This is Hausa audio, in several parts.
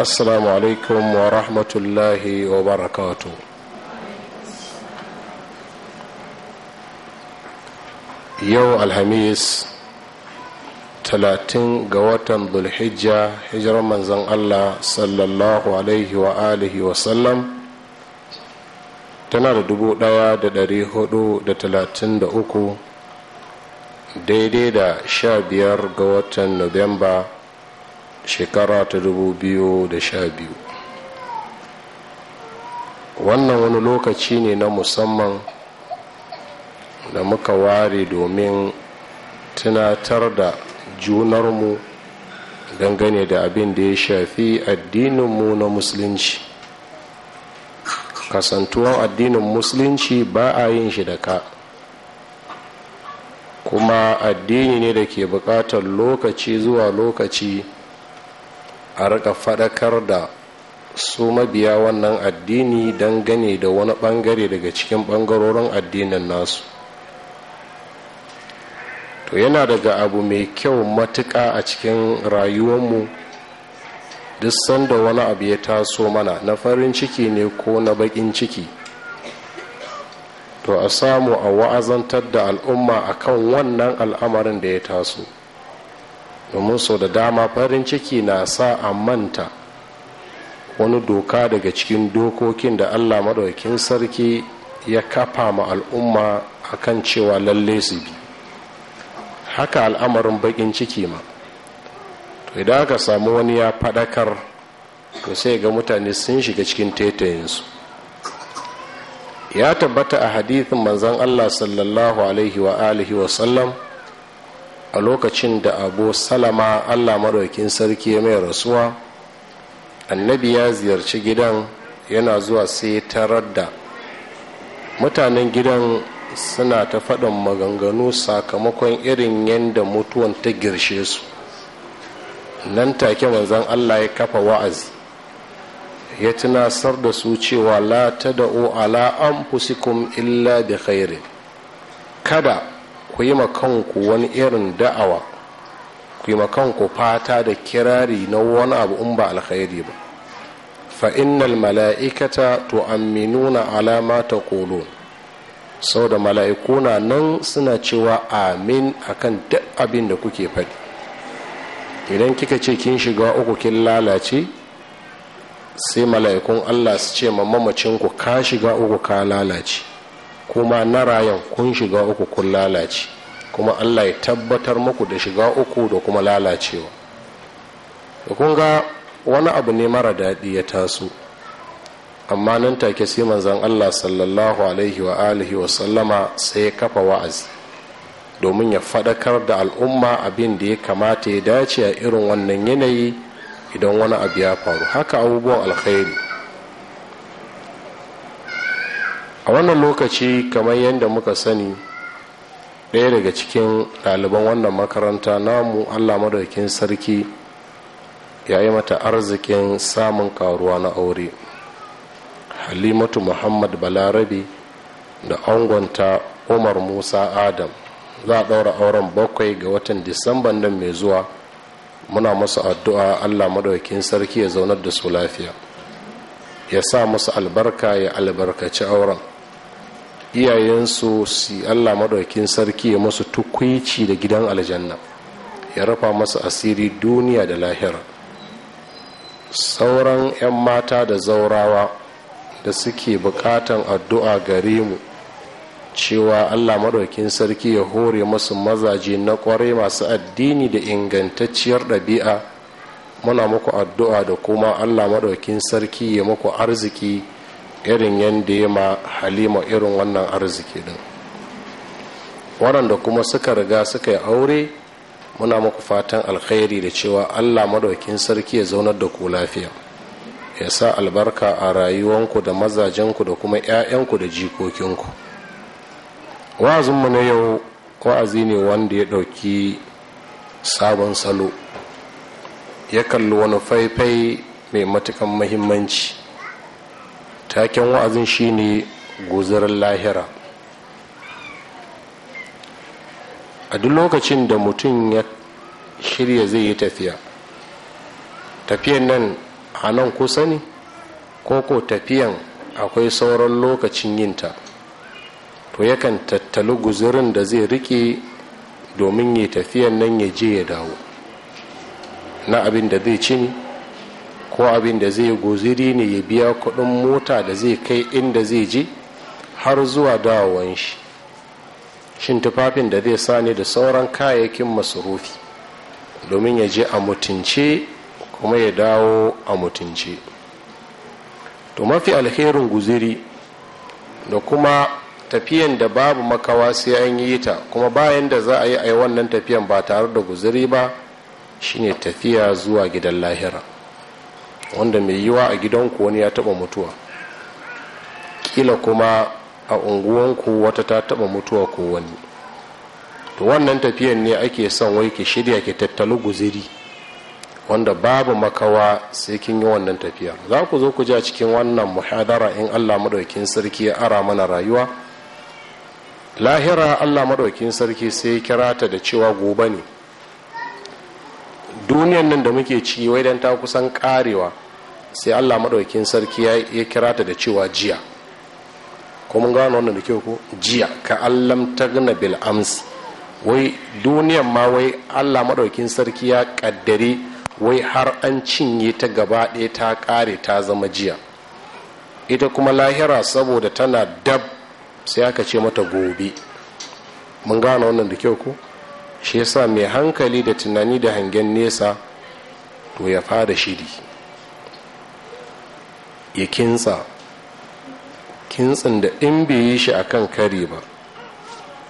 assalamu alaikum wa rahmatullahi wa barakatu yau alhamis talatin ga watan bulhijja hijirar manzan allah sallallahu alaihi wa alihi wa sallam tana da dubu daya da dari hudu da talatin da uku daidai da sha biyar ga watan nuwamba shekara ta dubu biyu da sha biyu wannan wani lokaci ne na musamman da muka ware domin tunatar da junarmu dangane da abin da ya shafi addininmu na musulunci kasantuwan addinin musulunci ba a yin shi da ka kuma addini ne da ke bukatar lokaci zuwa lokaci a rika faɗakar da su mabiya wannan addini don gane da wani ɓangare daga cikin bangarorin addinin nasu to yana daga abu mai kyau matuƙa a cikin rayuwarmu duk sanda wani abu ya taso mana na farin ciki ne ko na baƙin ciki to a samu a wa'azantar da al'umma akan wannan al'amarin da ya taso domin sau da dama farin ciki na sa a manta wani doka daga cikin dokokin da allah maɗaukin sarki ya kafa ma al'umma a kan cewa lalle su bi haka al'amarin baƙin ciki ma to idan aka samu wani ya faɗakar to sai ga mutane sun shiga cikin taitayinsu ya tabbata a hadithin manzan allah sallallahu alaihi wa alihi wa sallam a lokacin da abu salama allah maɗaukin sarki mai rasuwa annabi ya ziyarci gidan yana zuwa sai tarar da mutanen gidan suna ta faɗin maganganu sakamakon irin yadda mutuwan ta girshe su nan take manzan allah ya kafa wa'azi ya tunasar da su cewa la ta da'o ala an illa bi khairi kada ku yi kanku wani irin da'awa ku yi kanku fata da kirari na wani abu in ba alkhairi ba fa innal mala'ikata tu'amminuna ala ma taqulun sau da mala'ikuna nan suna cewa amin akan duk abin da kuke faɗi idan kika ce kin shiga uku kin lalace sai mala'ikun allah su ce mamacinku ka shiga uku ka lalace kuma na rayan kun shiga uku kun lalace kuma allah ya tabbatar muku da shiga uku da kuma lalacewa da kun ga wani abu ne mara daɗi ya taso amma nan take sai manzan allah sallallahu alaihi wa alihi wa sallama sai ya kafa wa'azi domin ya faɗakar da al'umma abin da ya kamata ya dace a irin wannan yanayi idan wani abu ya faru haka abubuwan alkhairi a wannan lokaci kamar yadda muka sani ɗaya daga cikin ɗaliban wannan makaranta namu allah madaukin sarki ya yi mata arzikin samun karuwa na aure halimatu muhammad balarabe da angonta umar musa adam za a ɗaura auren bakwai ga watan disamban nan mai zuwa muna masu addu'a allah madaukin sarki ya zaunar da su lafiya ya sa musu albarka ya albarkaci auren iyayensu si allah maɗaukin sarki ya musu tukwici da gidan aljanna ya rufa masu asiri duniya da lahira sauran 'yan mata da zaurawa da suke bukatan addu'a gare mu cewa allah maɗaukin sarki ya hore masu mazaje na ƙwarai masu addini da ingantacciyar ɗabi'a muna muku addu'a da kuma allah maɗaukin sarki ya muku arziki irin yadda ya ma halima irin wannan arziki din waɗanda kuma suka riga suka yi aure muna muku fatan alkhairi da cewa allah maɗaukin sarki ya zaunar da ku lafiya ya sa albarka a rayuwanku da mazajenku da kuma 'ya'yanku da jikokinku wa'azinmu na yau wa'azi ne wanda ya ɗauki sabon salo ya kalli wani faifai mai matukan mahimmanci taken wa'azin shine guzurin lahira a duk lokacin da mutum ya shirya zai yi tafiya tafiyan nan a nan kusa ne ko ko tafiyan akwai sauran lokacin yinta to yakan tattali guzurin da zai rike domin ya tafiyan nan ya je ya dawo na abin da zai ci ko abin da zai guziri ne ya biya kuɗin mota da zai kai inda zai je har zuwa dawowan shi shin tufafin da zai sa ne da sauran kayayyakin masarufi domin ya je a mutunce kuma ya dawo a mutunce to mafi alherin guziri da kuma tafiyan da babu makawa sai an yi ta kuma bayan da za a yi a yi wannan tafiyan ba tare da guziri ba shine tafiya zuwa gidan lahira wanda mai yiwa a gidanku wani ya taba mutuwa kila kuma a unguwanku wata ta taba mutuwa ko wani to wannan tafiyan ne ake son wai ki shirya ki tattalu guziri wanda babu makawa sai kin yi wannan tafiya za ku zo ku ji cikin wannan muhadara in allah maɗaukin sarki ya ara mana rayuwa lahira allah maɗaukin sarki sai kira ta da cewa gobe ne duniyan nan da muke ci wai dan ta kusan karewa sai Allah maɗaukin sarki ya kira ta da cewa jiya ko mun gano wannan da kyau ko jiya ka allam tagna bil ams wai duniyan ma wai Allah maɗaukin sarki ya kaddare wai har an cinye ta gaba ɗaya ta kare ta zama jiya ita kuma lahira saboda tana dab sai aka ce mata gobe mun gano wannan da kyau ko shi yasa mai hankali da tunani da hangen nesa to ya fara shiri ya kintsa kintsin da in bai yi shi kan kare ba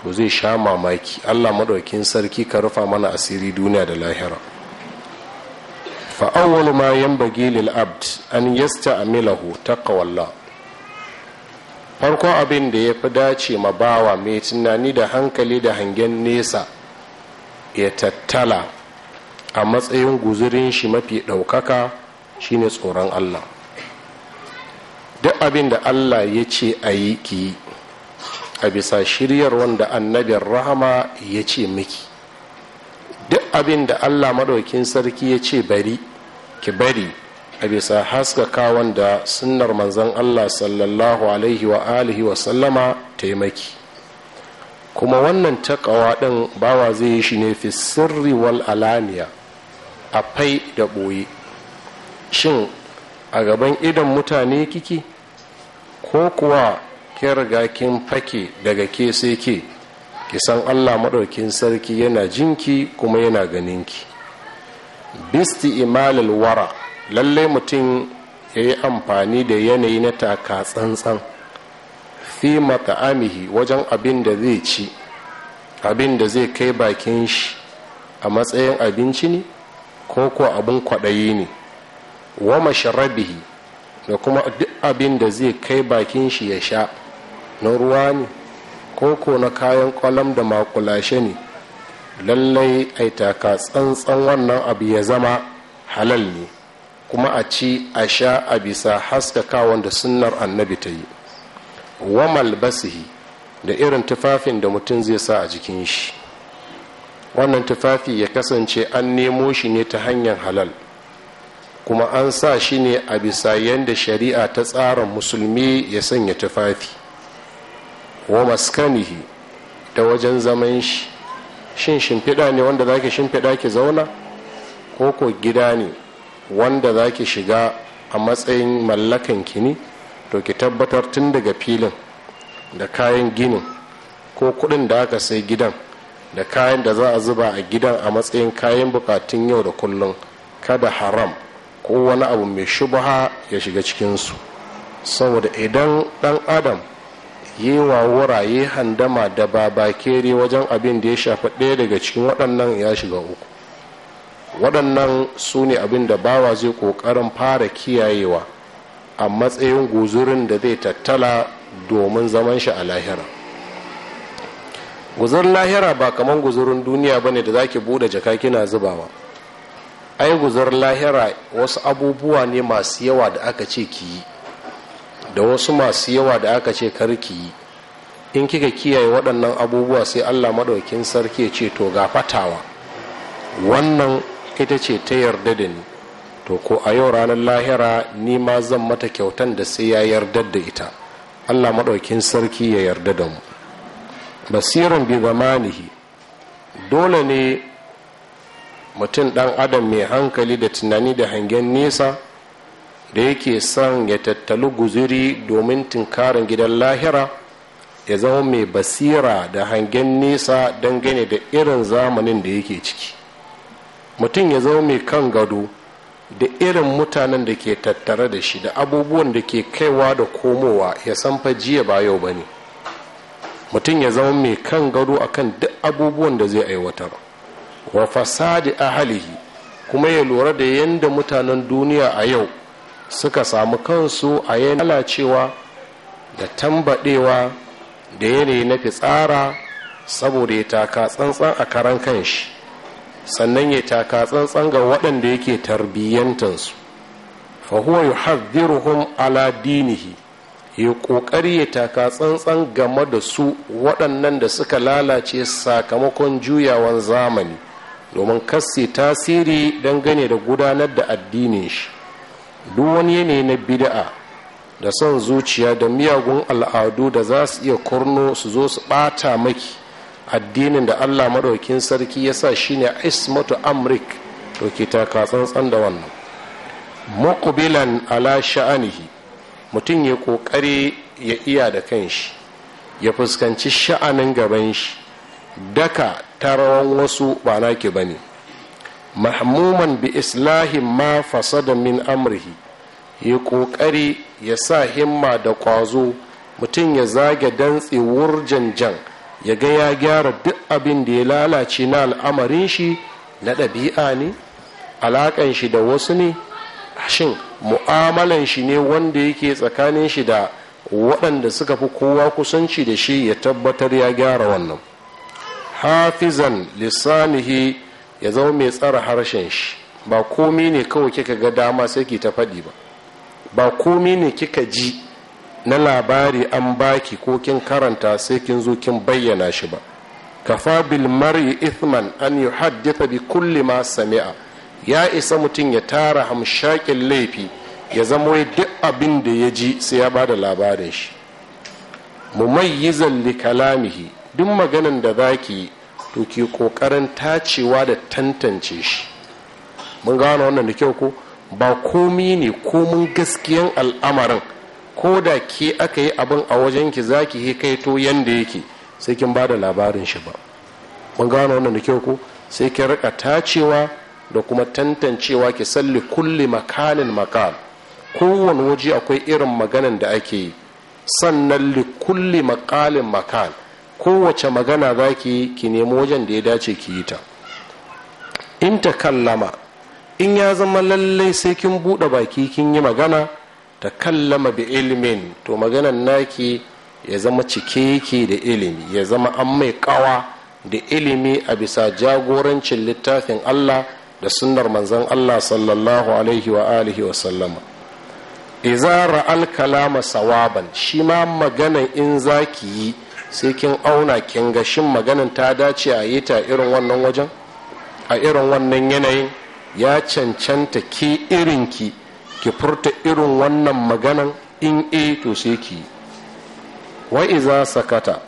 to zai sha mamaki allah maɗaukin sarki ka rufa mana asiri duniya da lahira fa'awwal ma yanbaghi lil abd an yasta ta kawalla farko abin da ya fi dace ma bawa mai tunani da hankali da hangen nesa ya tattala a matsayin guzurin shi mafi ɗaukaka shine tsoron allah duk abin da allah ya ce a yi ki a bisa shiryar wanda annabin rahama ya ce miki duk abin da allah maɗaukin sarki ya ce bari ki bari a bisa haskaka wanda sunnar manzon allah sallallahu alaihi wa alihi wa sallama taimaki kuma wannan takawa ɗin bawa zai yi shi ne fi sirri wal alaniya a fai da ɓoye shin a gaban idan mutane kiki ko kuwa ke riga kin fake daga ke sai ke ki san allah maɗaukin sarki yana jinki kuma yana ganinki bisti imalil wara lallai mutum ya yi amfani da yanayi na taka tsantsan fi mata'amihi wajen abin da zai ci abin da zai kai bakin shi a matsayin abinci ne ko ko abin kwaɗayi ne wa masharabihi da kuma duk abin da zai kai bakin shi ya sha na ruwa ne ko ko na kayan kwalam da makulashe ne lallai aitaka tsantsan wannan abu ya zama halal ne kuma a ci a sha a bisa haskaka wanda sunnar annabi ta yi wa malbasihi da irin tufafin da mutum zai sa a jikin shi wannan tufafi ya kasance an nemo shi ne ta hanyar halal kuma an sa shi ne a bisa yadda shari'a ta tsara musulmi ya sanya tufafi wa maskanihi da wajen zaman shi shin shimfiɗa ne wanda zaki shimfiɗa ki zauna ko ko gida ne wanda zaki shiga a matsayin mallakan ki ne to ki tabbatar tun daga filin da kayan ginin ko kudin da aka sai gidan da kayan da za a zuba a gidan a matsayin kayan bukatun yau da kullum kada haram ko wani abu mai shubaha ya shiga cikinsu saboda idan dan adam yi wa wuraye handama da babakere wajen abin da ya shafi ɗaya daga cikin waɗannan ya shiga uku waɗannan su ne abin da bawa zai ƙoƙarin fara kiyayewa a matsayin guzurin da zai tattala domin zaman shi a lahira guzurin lahira ba kamar guzurin duniya ba ne da zaki bude jaka kina zubawa ai guzurin lahira wasu abubuwa ne masu yawa da aka ce ki yi da wasu masu yawa da aka ce kar ki yi in kika kiyaye waɗannan abubuwa sai allah maɗaukin sarki ce to ga fatawa wannan ita ce ta yarda da ni to ko a yau ranar lahira ni ma zan mata kyautan da sai ya yarda da ita allah maɗaukin sarki ya yarda da mu basirin bi zamanihi dole ne mutum ɗan adam mai hankali da tunani da hangen nesa da yake son ya tattalu guziri domin tunkarin gidan lahira ya zama mai basira da hangen nesa gane da irin zamanin da yake ciki mutum ya zama mai kan gado da irin mutanen da ke tattare da shi da abubuwan da ke kaiwa da komowa ya san fa jiya ba yau ba ne mutum ya zama mai kan gado akan duk abubuwan da zai aiwatar wa fasadi ahalihi kuma ya lura da yadda mutanen duniya a yau suka samu kansu a yanayi lalacewa da tambadewa da yanayi na fitsara saboda ya taka tsantsan a karan kanshi sannan ya taka tsantsan ga waɗanda yake tarbiyyantansu fa huwa yuhadhdhiruhum ala dinihi ya ƙoƙari ya taka tsantsan game da su waɗannan da suka lalace sakamakon juyawan zamani domin kasse tasiri dangane da gudanar da addinin shi duk wani yanayi na bida'a da son zuciya da miyagun al'adu da za su iya kurno su zo su ɓata maki addinin da allah maɗaukin sarki ya sa shine ismatu amrik to ke taka tsantsan da wannan muqbilan ala sha'anihi mutum ya ƙoƙari ya iya da kanshi ya fuskanci sha'anin gaban shi daka rawan wasu ba naki ne. mahmuman bi islahin ma fasada min amrihi ya ƙoƙari ya sa himma da ƙwazo mutum ya zage dantse wurjan jan ya ga ya gyara duk abin da ya lalace na al'amarin shi na ɗabi'a ne alaƙan shi da wasu ne shin mu'amalan shi ne wanda yake tsakanin shi da waɗanda suka fi kowa kusanci da shi ya tabbatar ya gyara wannan hafizan lissanihi ya zama mai tsara harshen shi ba komi ne kawai kika ga dama sai ki ta faɗi ba ba komi ne kika ji na labari an baki ko kin karanta sai kin zo kin bayyana shi ba kafa bil mar'i ithman an yuhaddatha bi kulli ma sami'a ya isa mutum ya tara hamshakin laifi ya zama duk abin da ya ji sai ya bada labarin shi mumayyizan li kalamihi duk maganan da zaki to ki kokarin tacewa da tantance shi mun gano wannan da kyau ko ba komi ne komun gaskiyan al'amarin ko da ke aka yi abin a wajen ki za ki kai to yanda yake sai kin ba da labarin shi ba mun gano wannan da kyau ko sai kin rika tacewa da kuma tantancewa ki salli kulli makalin makal kowane waje akwai irin maganan da ake yi sannan li kulli makalin makal kowace magana za ki yi ki nemi wajen da ya dace ki yi ta in ta kallama in ya zama lallai sai kin buɗe baki kin yi magana ta kallama bi ilimin to maganan naki ya zama cike yake da ilimi ya zama an mai kawa da ilimi a bisa jagorancin littafin Allah da sunnar manzan Allah sallallahu alaihi wa alihi wa sallama iza ra'al kalama sawaban shi ma maganan in za ki yi sai kin auna kin ga shin maganan ta dace a yi ta irin wannan wajen a irin wannan yanayin ya cancanta ki irin ki. ki furta irin wannan maganan in e to sai ki wa iza sakata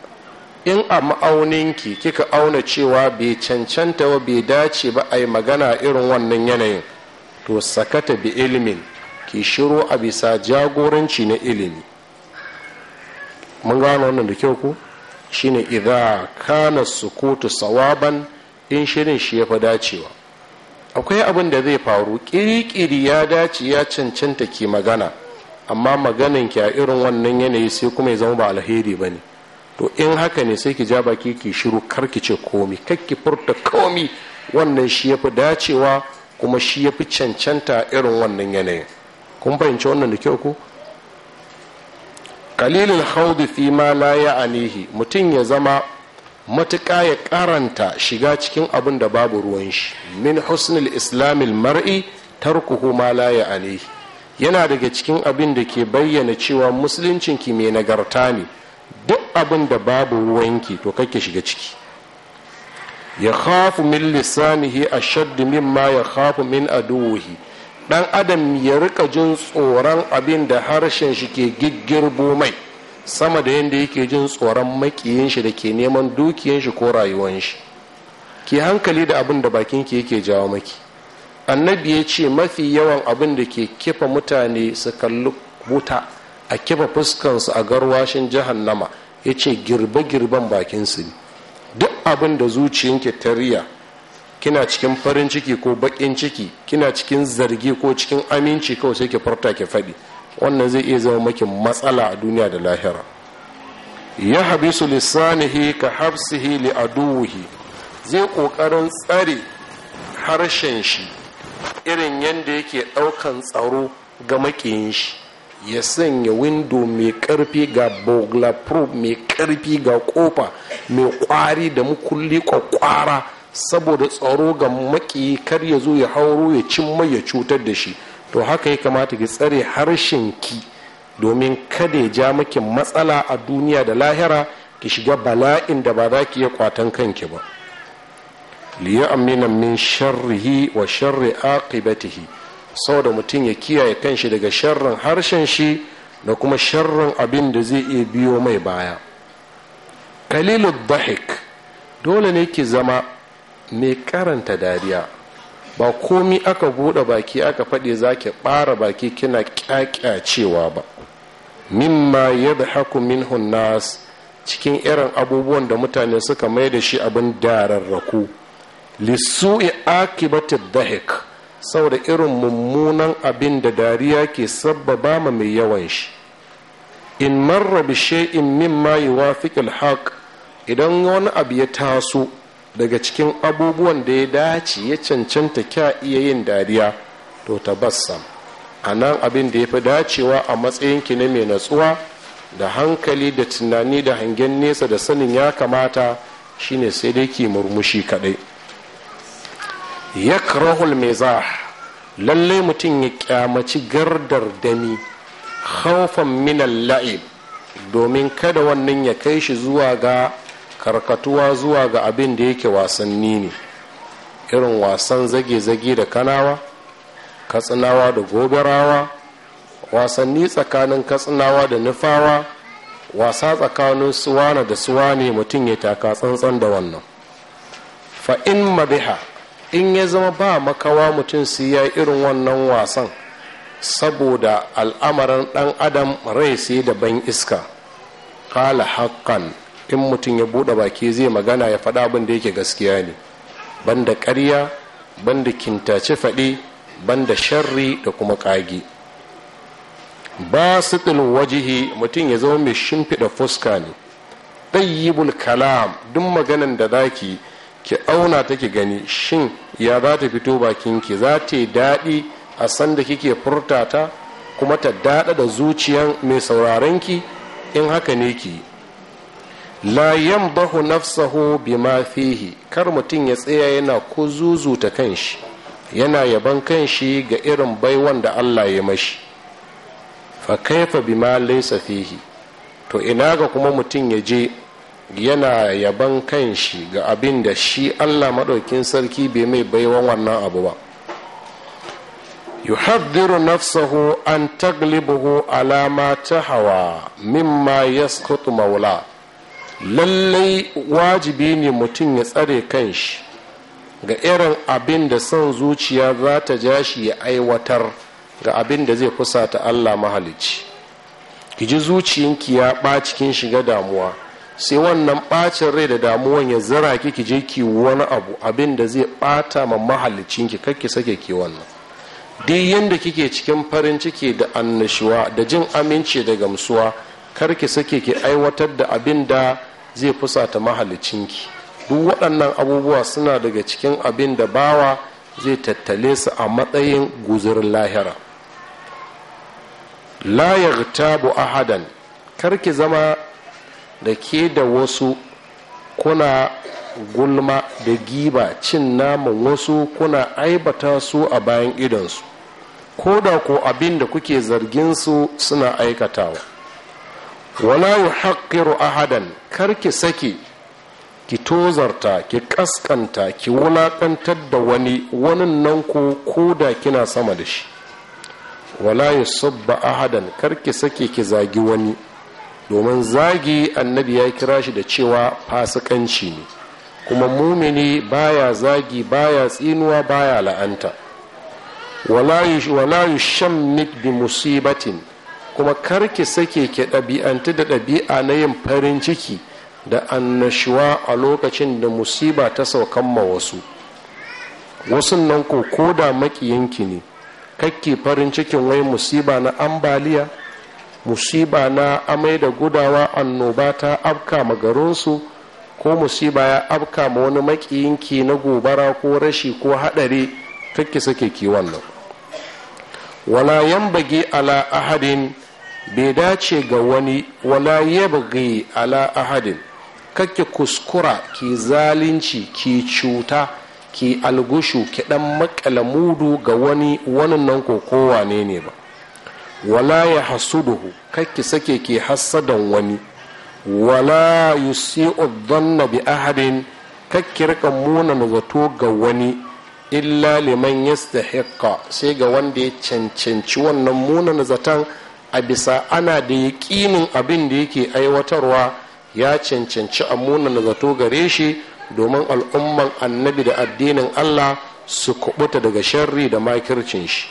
in a ma'aunin ki kika auna cewa bai cancanta wa bai dace ba a yi magana irin wannan yanayin to sakata bi ilimin ki shiro a bisa jagoranci na ilimi mun gano wannan da kyau ku shine idza kana sukutu sawaban in shirin shi ya fi dacewa akwai abin da zai faru ƙiriƙiri ya dace ya cancanta ki magana amma maganin ki a irin wannan yanayi sai kuma ya zama ba alheri ba ne to in haka ne sai ki ja baki ki shiru kar ki ce komi kar ki furta komi wannan shi ya fi dacewa kuma shi ya fi cancanta irin wannan yanayin kun fahimci wannan da kyau ko kalilin haudu fi ma la ya anihi mutum ya zama matuƙa ya karanta shiga cikin abin da babu ruwan shi min husnul islamil mar'i tarkuhu ma la ya alayhi. yana daga cikin abin da ke bayyana cewa musuluncin ki mai nagarta ne duk abin da babu ruwan ki to kake shiga ciki ya khafu min lisanihi ashadd ma ya khafu min aduwihi dan adam ya rika jin tsoron abin da harshen shi ke giggirbo mai sama da yadda yake jin tsoron makiyin shi da ke neman dukiyan shi ko rayuwan shi ki hankali da abin da bakin ki yake jawo maki annabi ya ce mafi yawan abin da ke kifa mutane su kalli wuta a kifa fuskansu a garwashin jahannama ya ce girbe-girben bakinsu ne duk abin da zuciyanki ta riya kina cikin farin ciki ko bakin ciki kina cikin zargi ko cikin aminci kawai sai ki farta ki faɗi wannan zai iya zama makin matsala a duniya da lahira ya habisu lissanihi ka hafsihi li aduwihi zai kokarin tsare harshen shi irin yadda yake daukan tsaro ga makiyin shi ya sanya windo mai karfi ga boglaproof mai karfi ga kofa mai kwari da mukulli kwakwara saboda tsaro ga makiyi kar ya zo ya hauro ya cimma ya cutar da shi to haka ya kamata ki tsare harshen ki domin kada ya ja miki matsala a duniya da lahira ki shiga bala'in da ba za ki iya kwatan kanki ba liya amina min sharrihi wa sharri aqibatihi saboda mutum ya kiyaye kanshi daga sharrin harshen shi da kuma sharrin abin da zai iya biyo mai baya kalilu dhahik dole ne ki zama mai karanta dariya ba komi aka buɗe baki aka faɗi za ki ɓara baki kina ƙyaƙyacewa ba mimma yadhaku minhu nas cikin irin abubuwan da mutane suka mai da shi abin dararraku lissu'i akibati dhahik saboda irin mummunan abin da dariya ke sabbaba ma mai yawan shi in marra bi shay'in mimma yuwafiqul haqq idan wani abu ya taso daga cikin abubuwan da ya dace ya cancanta kya iya yin dariya to tabassam a nan abin da ya fi dacewa a matsayin ki na mai natsuwa da hankali da tunani da hangen nesa da sanin ya kamata shine sai dai ki murmushi kadai yakrahul mizah lallai mutum ya kyamaci gardar dami haufan minan la'ib domin kada wannan ya kai shi zuwa ga karkatuwa zuwa ga abin da yake wasanni ne irin wasan zage-zage da kanawa katsinawa da gobarawa wasanni tsakanin katsinawa da nufawa wasa tsakanin suwana da suwa ne mutum ya taka tsantsan da wannan fa'in mabiha in ya zama ba makawa mutum su yi irin wannan wasan saboda al'amarin dan adam rai sai da ban iska kala hakan in mutum ya bude baki zai magana ya faɗa abin da yake gaskiya ne banda ƙarya banda kintace faɗi banda sharri da kuma ƙage ba sitil wajihi mutum ya zama mai shimfiɗa fuska ne ɗayyibul kalam duk maganan da zaki ki auna ta ki gani shin ya za ta fito ki za ta yi daɗi a sanda kike furta ta kuma ta daɗa da zuciyan mai sauraron ki in haka ne ki la bahu nafsahu bima fihi kar mutum ya tsaya yana ko zuzuta kanshi yana yaban kanshi ga irin baiwan da Allah ya mashi fa kaifa bima laysa fihi to ina ga kuma mutum ya je yana yaban kanshi ga abin da shi Allah maɗaukin sarki bai mai baiwan wannan abu ba yuhaddiru nafsahu an taglibuhu alama ta hawa mimma yasqutu maula lallai wajibi ne mutum ya tsare kanshi ga irin abin da son zuciya za ta ja shi ya aiwatar ga abin da zai kusa ta allah mahalicci ki ji zuciyanki ya ɓaci kin shiga damuwa sai wannan ɓacin rai da damuwan ya zira ki ki je ki wani abu abin da zai ɓata ma mahalicinki kar ki sake ki wannan duk yadda kike cikin farin ciki da annashuwa da jin aminci da gamsuwa kar ki sake ki aiwatar da abin da zai fusata mahalicinki duk waɗannan abubuwa suna daga cikin abin da bawa zai tattale su a matsayin guzurin lahira la yartabu ahadan karki zama da ke da wasu kuna gulma da giba cin naman wasu kuna aibata su a bayan idansu ko da ko abin da kuke zargin su suna aikatawa wala yuhaqqiru ahadan kar ki saki ki tozarta ki kaskanta ki wulaƙantar da wani wannan nan ko da kina sama da shi wala sabba ahadan karki ki saki ki zagi wani domin zagi annabi ya kira shi da cewa fasikanci ne kuma mumini baya zagi baya tsinuwa baya la'anta wala yush, bi musibatin kuma karki sake ki ɗabi'antu da ɗabi'a na yin farin ciki da annashuwa a lokacin da musiba ta saukan ma wasu wasu nan ko ko da maƙiyanki ne kakki farin cikin wai musiba na ambaliya musiba na amai da gudawa annoba ta afka ma garinsu ko musiba ya afka ma wani makiyanki na gobara ko rashi ko haɗari kakki sake ki wannan wala yan bage ala ahadin bai dace ga wani wala yabghi ala ahadin kake kuskura ki zalunci ki cuta ki algushu ki dan makala mudu ga wani wannan nan ko kowa ne ne ba wala ya hasuduhu kake sake ki hasadan wani wala yusi'u dhanna bi ahadin kake rika munan zato ga wani illa liman yastahiqa sai ga wanda ya cancanci wannan munan zaton a bisa ana da yaƙinin abin da yake aiwatarwa ya cancanci na zato gare shi domin al'umman annabi da addinin allah su kubuta daga sharri da makircin shi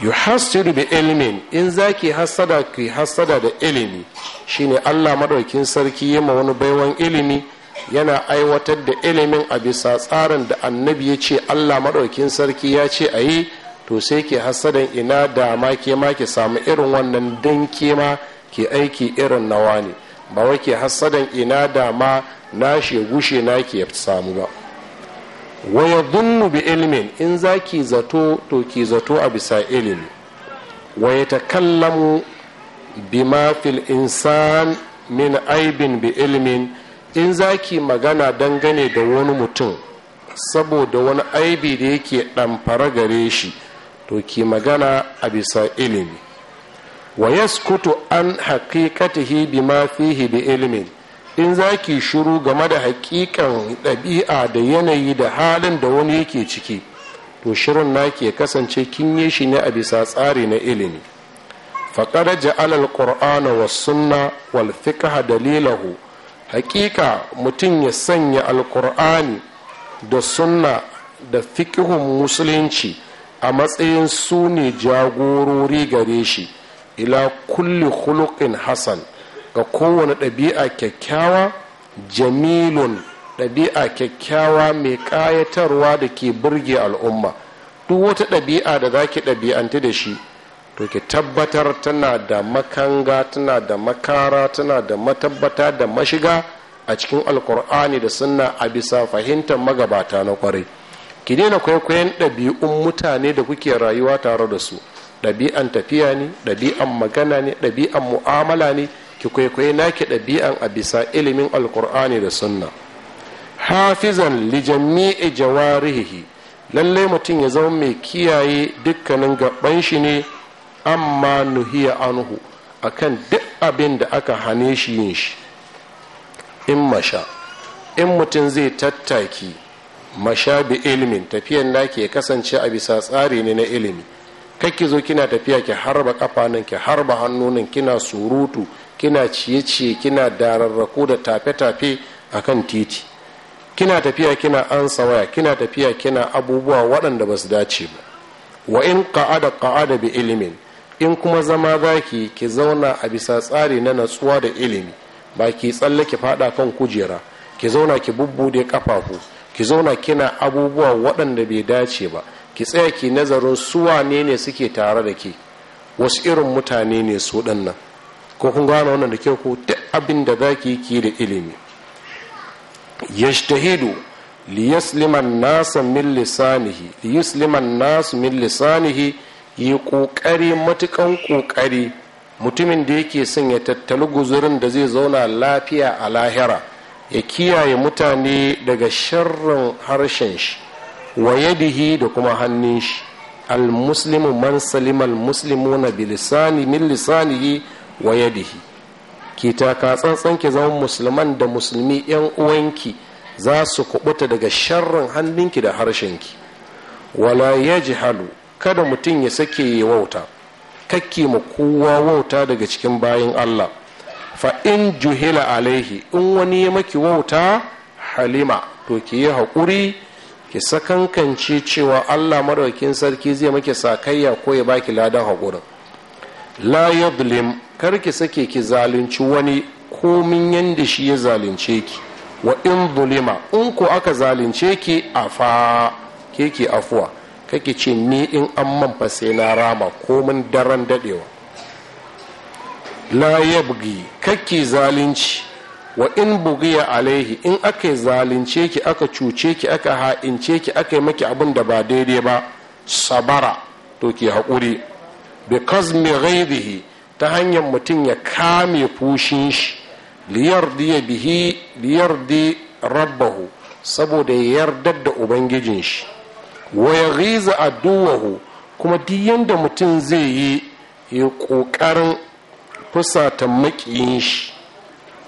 yuhassiru bi ilmin in zaki hassada ki hassada da ilimi shine allah madaukin sarki yi wani baiwan ilimi yana aiwatar da ilimin a bisa tsarin da annabi ya ce allah madaukin sarki ya ce a yi to sai ke hasadan ina da ma ke ma ke samu irin wannan dan ke ma ke aiki irin nawa ne ba wai ke hasadan ina da ma na gushe na ke samu ba waya dunnu bi ilmin in za ki zato to ki zato a bisa ilimi waya ta kallamu ma fil insan min aibin bi ilmin in za ki magana dangane da wani mutum saboda wani aibi da yake ɗamfara gare shi to ki magana a bisa ilimi wa yaskutu an haqiqatihi ma fihi bi ilimin in za ki shuru game da hakikan ɗabi'a da yanayi da halin da wani yake ciki to shirin na ke kasance kin yi shi ne a bisa tsari na ilimi faƙar ja'alal qur'ana wa sunna wal fiqh dalilahu hakika mutum ya sanya alkur'ani da sunna da fikihun musulunci a matsayin su ne jagorori gare shi ila kulli hulukin hassan ga kowane ɗabi'a kyakkyawa jamilun ɗabi'a kyakkyawa mai ƙayatarwa da ke burge al'umma duk wata ɗabi'a da za ki ɗabi'anta da shi to ki tabbatar tana da makanga tana da makara tana da matabbata da mashiga a cikin alkur'ani da sunna a bisa fahimtar magabata na kwarai ki daina kwaikwayon ɗabi'un mutane da kuke rayuwa tare da su ɗabi'an tafiya ne ɗabi'an magana ne ɗabi'an mu'amala ne ki kwaikwayi naki ɗabi'an a bisa ilimin alkur'ani da sunna hafizan li jami'i jawarihi lalle mutum ya zama mai kiyaye dukkanin gaban shi ne amma nuhiya anhu akan duk abin da aka hane shi yin shi in masha in mutum zai tattaki mashabi ilimin tafiyan na ke kasance a bisa tsari ne na ilimi kakki zo kina tafiya ki harba kafa nan ki harba hannunan kina surutu kina ciye-ciye kina dararrako da tafe-tafe a kan titi kina tafiya kina ansa waya kina tafiya kina abubuwa waɗanda ba su dace ba wa in ka'ada ka'ada bi ilimin in kuma zama zaki ki zauna a bisa tsari na natsuwa da ilimi ba ki tsalle ki fada kan kujera ki zauna ki bubbude kafafu ki zauna kina abubuwa waɗanda bai dace ba ki tsaya ki nazarin su wane ne suke tare da ke wasu irin mutane ne su ɗannan ko kun gane wannan da kyau ko duk abin da za ki yi da ilimi yashtahidu liyasliman nasa min lisanihi liyasliman nasu min lisanihi yi kokari matukan kokari mutumin da yake son ya tattali guzurin da zai zauna lafiya a lahira ya kiyaye mutane daga sharrin harshen shi wa yadihi da kuma hannun shi almuslimu man salima na bilisani min lisanihi wa yadihi ki taka tsantsan ki zama musulman da musulmi yan uwanki za su kubuta daga sharrin hannunki da harshenki wala yajhalu kada mutum ya sake wauta kakki ma kowa wauta daga cikin bayan Allah fa in juhila alaihi in wani ya maki wauta halima to ki yi haƙuri ki sakankance cewa allah maɗaukin sarki zai maki sakayya ko ya baki ladan haƙurin la yadlim kar ki sake ki zalunci wani ko min yanda shi ya zalunce ki wa in zulima in ko aka zalunce ki afa ke ki afuwa kake ce ni in an man fa sai na rama ko min daren dadewa la yabgi kakki zalunci wa in ya alaihi in aka zalunce ki aka cuce ki aka ha'ince ki aka yi maki abin da ba daidai ba sabara to ki haƙuri because me ghairihi ta hanyar mutum ya kame fushin shi liyardi bihi liyardi rabbahu saboda ya yardar da ubangijin shi wa ya ghiza duwahu kuma duk yanda mutum zai yi ya ƙoƙarin husata makiyin shi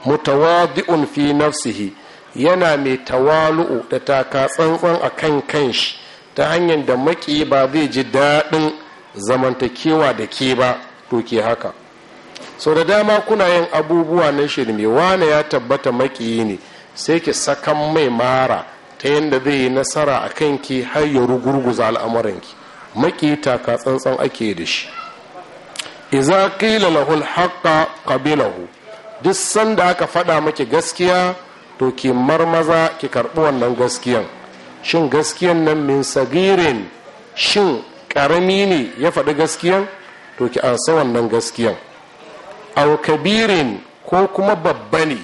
mutawadi'un fi nafsihi yana mai tawalu'u da taka tsantsan a kan kan shi ta hanyar da maƙiyi ba zai ji daɗin zamantakewa da ke ba to ke haka sau da dama kuna yin abubuwa na shirme wane ya tabbata maƙiyi ne sai ki sakan mai mara ta yadda zai yi nasara a ki har ya rugurguza al'amuranki maƙi taka tsantsan ake da shi iza qila lahul haqqa qabilahu duk sanda aka faɗa maki gaskiya to ki marmaza ki karɓi wannan gaskiyan shin gaskiyan nan min sagirin shin ƙarami ne ya faɗi gaskiyan to ki ansa wannan gaskiyan aw kabirin ko kuma babba ne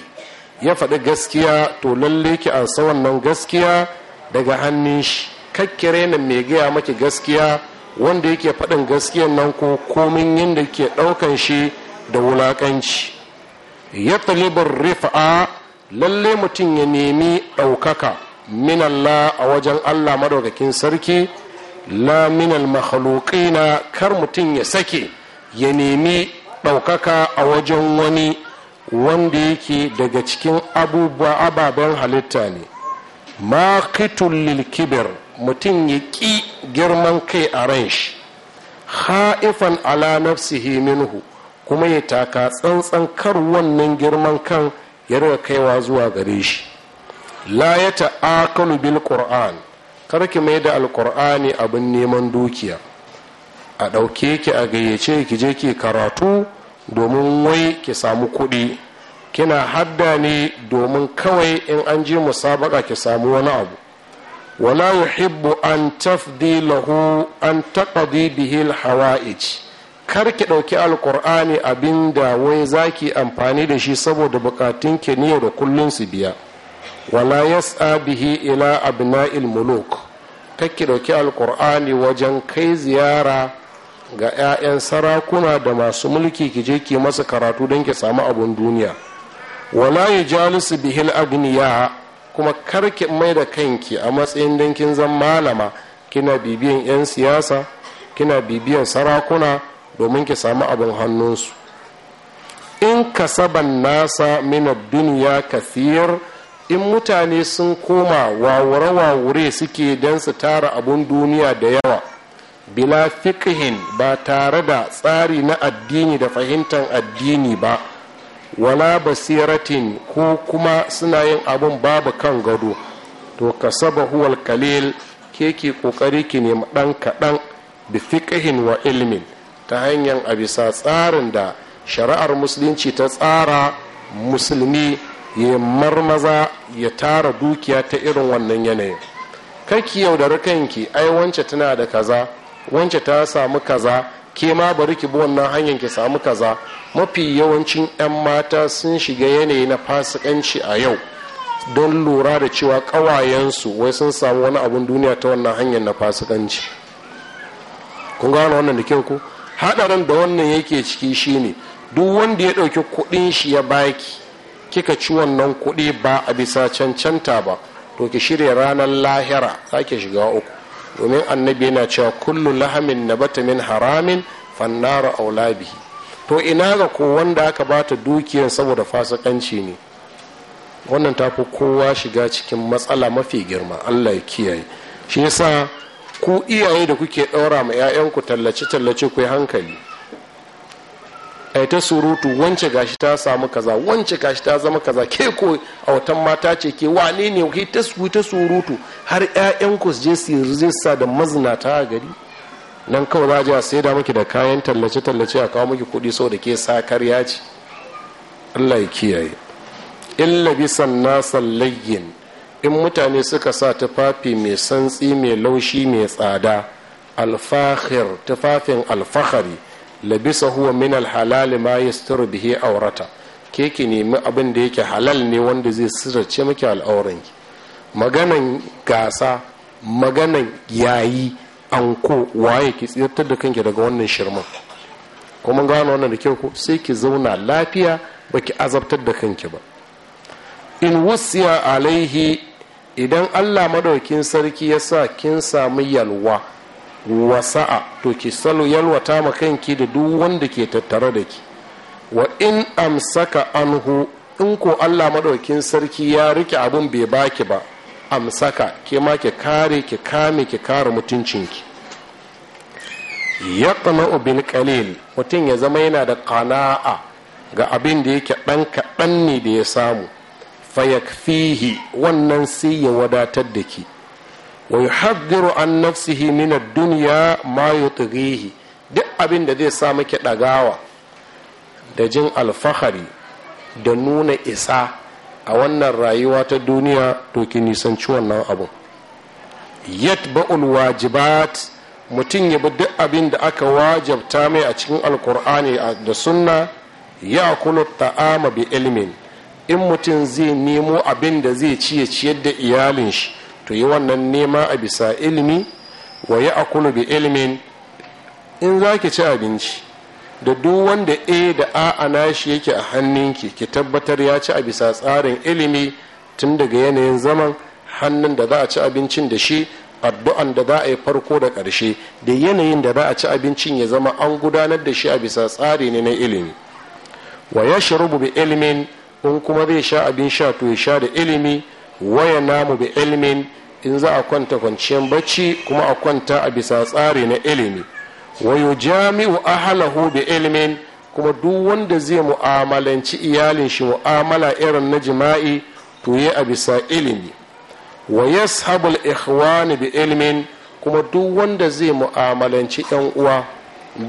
ya faɗi gaskiya to lalle ki ansa wannan gaskiya daga hannun shi kakkire nan mai gaya maki gaskiya wanda yake faɗin gaskiyar nan ko komin yadda ke ɗaukan shi da wulaƙanci ya talibar rifa'a lalle mutum ya nemi ɗaukaka minalla a wajen Allah madaukakin sarki la minal na kar mutum ya sake ya nemi ɗaukaka a wajen wani wanda yake daga cikin abubuwa ababen halitta ne ma lil kibir mutum ya ƙi girman kai a ran shi ha'ifan ala nafsihi minhu kuma ya taka tsantsan kar wannan girman kan ya riga kaiwa zuwa gare shi la ya ta'akalu bil qur'an kar ki mai da alqur'ani abin neman dukiya a ɗauke ki a gayyace ki je ki karatu domin wai ki samu kuɗi kina hadda ne domin kawai in an je musabaka ki samu wani abu wala yuhibbu an tafdi lahu an taqdi bihi al-hawa'ij kar ki ɗauki alkur'ani abin da wai za ki amfani da shi saboda bukatun ki da kullun su biya wala yas'a bihi ila abna'il muluk kar ki ɗauki alkur'ani wajen kai ziyara ga 'ya'yan sarakuna da masu mulki ki je ki masa karatu don ki samu abun duniya wala yajalisu bihil agniya kuma karki mai da kanki a matsayin don kin zan malama kina bibiyan 'yan siyasa kina bibiyan sarakuna domin ki samu abin hannunsu in kasaban nasa mina duniya kathir in mutane sun koma wawure-wawure suke don su tara abun duniya da yawa bila fikihin ba tare da tsari na addini da fahimtar addini ba wala basiratin ko kuma suna yin abun babu kan gado to ka saba huwal kalil ke ke kokari ki nemi dan kaɗan bi fiqhin wa ilmin ta hanyar a bisa tsarin da shari'ar musulunci ta tsara musulmi ya marmaza ya tara dukiya ta irin wannan yanayin kaki yaudari kanki ai wance tana da kaza wance ta samu kaza ke ma bari ki bi wannan hanyar ki samu kaza mafi yawancin 'yan mata sun shiga yanayi na fasikanci a yau don lura da cewa ƙawayensu wai sun samu wani abun duniya ta wannan hanyar na fasikanci kun gane wannan da kyau ko haɗarin da wannan yake ciki shine duk wanda ya ɗauki kuɗin shi ya baki kika ci wannan kuɗi ba a bisa cancanta ba to ki shirya ranar lahira sake shiga uku domin annabi yana cewa kullu lahamin na min haramin fannara aulabihi to ina ga ko wanda aka bata dukiyar saboda fasakanci ne wannan ta fi kowa shiga cikin matsala mafi girma allah ya kiyaye shi yasa ku iyaye da kuke ɗaura ma 'ya'yanku tallace-tallace ku yi hankali ai ta surutu wance gashi ta samu kaza wance gashi ta zama kaza ke ko a watan mata ce ke wane ne ke ta ta surutu har ƴaƴan ku je su sa da mazinata a gari nan kawai za a je a saida miki da kayan tallace tallace a kawo miki kuɗi saboda ke sa karya ce Allah ya kiyaye illa labisan nasan layyin in mutane suka sa tufafi mai santsi mai laushi mai tsada alfahir tufafin alfahari labisa huwa min alhalal ma yastaru bihi aurata ke ki nemi abin da yake halal ne wanda zai sirrace miki al'auranki maganan gasa maganan yayi anko waye ki tsirtar da kanki daga wannan shirman kuma gano wannan da kyau ko sai ki zauna lafiya baki azabtar da kanki ba in wusiya alaihi idan allah madaukin sarki ya sa kin samu yalwa wasa'a to ki salo yalwata ma kanki da duk wanda ke tattare da ki wa in amsaka anhu in ko Allah maɗaukin sarki ya rike abin bai baki ba amsaka ke ma ki kare ki kame ki kare mutuncin ki. kama bin kalil mutum ya zama yana da kana'a ga abin da yake ɗan kaɗan ne da ya samu fayakfihi wannan sai ya wadatar da ki wa yuhaddiru an nafsihi min ad-dunya ma yutghihi duk abin da zai sa maki dagawa da jin alfahari da nuna isa a wannan rayuwa ta duniya to ki nisanci wannan abun ba'ul wajibat mutum ya bi duk abin da aka wajabta mai a cikin alkur'ani da sunna ya kula ta'ama bi ilmin in mutum zai nemo abin da zai ciye ya ciyar da iyalin shi to yi wannan nema a bisa ilimi wa ya akulu bi ilimin in za ki ci abinci da duk wanda a da a ana shi yake a hannunki ki tabbatar ya ci a bisa tsarin ilimi tun daga yanayin zaman hannun da za a ci abincin da shi addu'an da za a yi farko da ƙarshe da yanayin da za a ci abincin ya zama an gudanar da shi a bisa tsari ne na ilimi wa ya shi bi ilimin in kuma zai sha abin sha to ya sha da ilimi waya namu bi ilmin in za a kwanta kwanciyar bacci kuma a kwanta a bisa tsari na ilimi wayo jami'u ahalahu bi ilmin kuma duk wanda zai mu'amalanci iyalin shi mu'amala irin na jima'i to ya a bisa ilimi wa yashabul ikhwani bi ilmin kuma duk wanda zai mu'amalanci yan uwa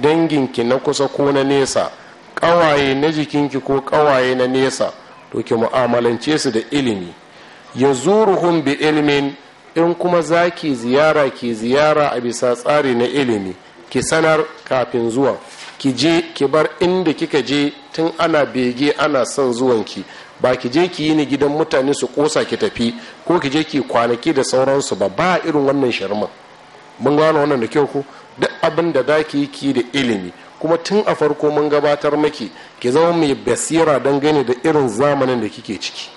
danginki na kusa ko na nesa ƙawaye na jikinki ko ƙawaye na nesa to ki mu'amalance su da ilimi ya zuruhun bi ilmin in kuma za ki ziyara ki ziyara a bisa tsari na ilimi ki sanar kafin zuwa ki je ki bar inda kika je tun ana bege ana son zuwanki ba ki je ki yi ni gidan mutane su kosa ki tafi ko ki je ki kwanaki da sauransu ba ba irin wannan shirma mun gano wannan da kyau ko duk abin da za ki yi da ilimi kuma tun a farko mun gabatar maki ki zama mai basira dangane da irin zamanin da kike ciki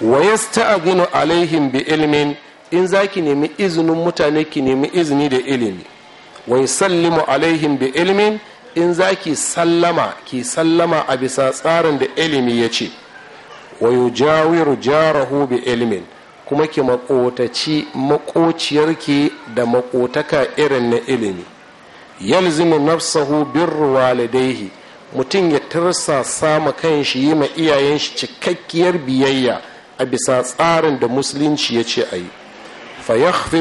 wa yasta'gunu alaihim bi ilmin in zaki nemi izinin mutane ki nemi izini da ilimi wa yusallimu alaihim bi ilmin in zaki sallama ki sallama a bisa tsarin da ilimi ya ce wa yujawiru jarahu bi ilmin kuma ki makotaci makociyarki da makotaka irin na ilimi yalzimu nafsahu birru walidaihi mutum ya tarsa sama kanshi yi ma iyayen shi cikakkiyar biyayya a bisa tsarin da musulunci ya ce a yi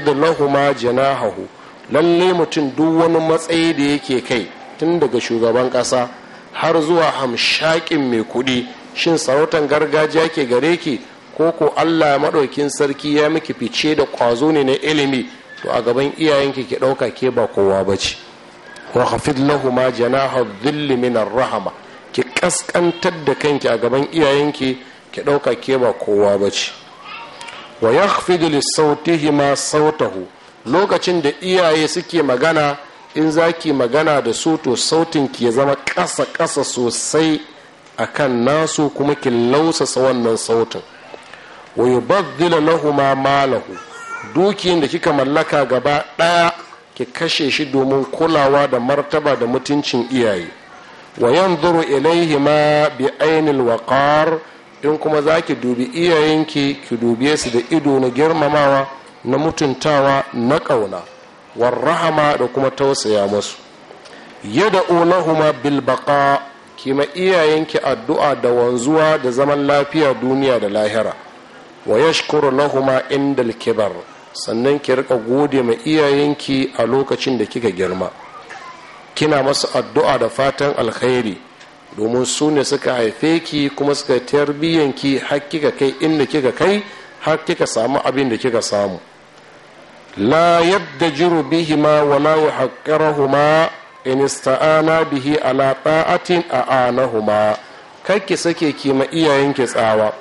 da lahuma janahahu lalle mutum duk wani matsayi da yake kai tun daga shugaban ƙasa har zuwa hamshakin mai kuɗi shin sarautan gargajiya ke gare ki ko ko allah maɗaukin sarki ya miki fice da ƙwazo ne na ilimi to a gaban iyayenki ki ɗauka ke ba kowa ba ce wa hafid lahuma janaha dhilli minar rahama ki ƙasƙantar da kanki a gaban iyayenki ki ɗauka ke ba kowa ba ce wa ya sautihi ma sautahu lokacin da iyaye suke magana in za ki magana da su to sautin ki ya zama ƙasa ƙasa sosai a kan nasu kuma ki lausasa wannan sautin wa yubaddila lahuma malahu dukiyin da kika mallaka gaba ɗaya ki kashe shi domin kulawa da martaba da mutuncin iyaye wa yanzuru ilaihima bi ainihin waƙar. in kuma za ki dubi iyayenki ki dubiye su da ido na girmamawa na mutuntawa na ƙauna warrahama da kuma tausaya masu yada ulahuma bilbaka kima iyayenki addu'a da wanzuwa da zaman lafiya duniya da lahira wa yashkuru lahuma indal kibar sannan ki rika gode ma iyayenki a lokacin da kika girma kina masu addu'a da fatan alkhairi domin su ne suka haife ki kuma suka tarbiyan ki har kika kai inda kika kai har kika samu abin da kika samu la yadda jiru ma wala huma in ista'ana bihi ala ta'atin ana kar karki sake kima iyayenki tsawa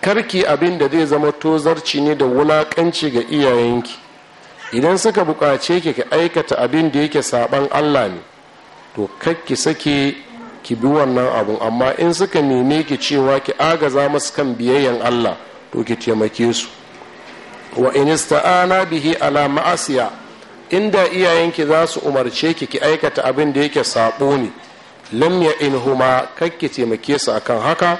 karki abin da zai zama tozarci ne da wulaƙanci ga iyayenki idan suka buƙace ki ka aikata abin da yake saban allah ne to karki sake ki bi wannan abun amma in suka neme ki cewa ki agaza masu kan biyayyan Allah to ki taimake su wa in ista'ana bihi ala ma'asiya inda iyayenki za su umarce ki ki aikata abin da yake sabo ne lam ya inhuma ki taimake su akan haka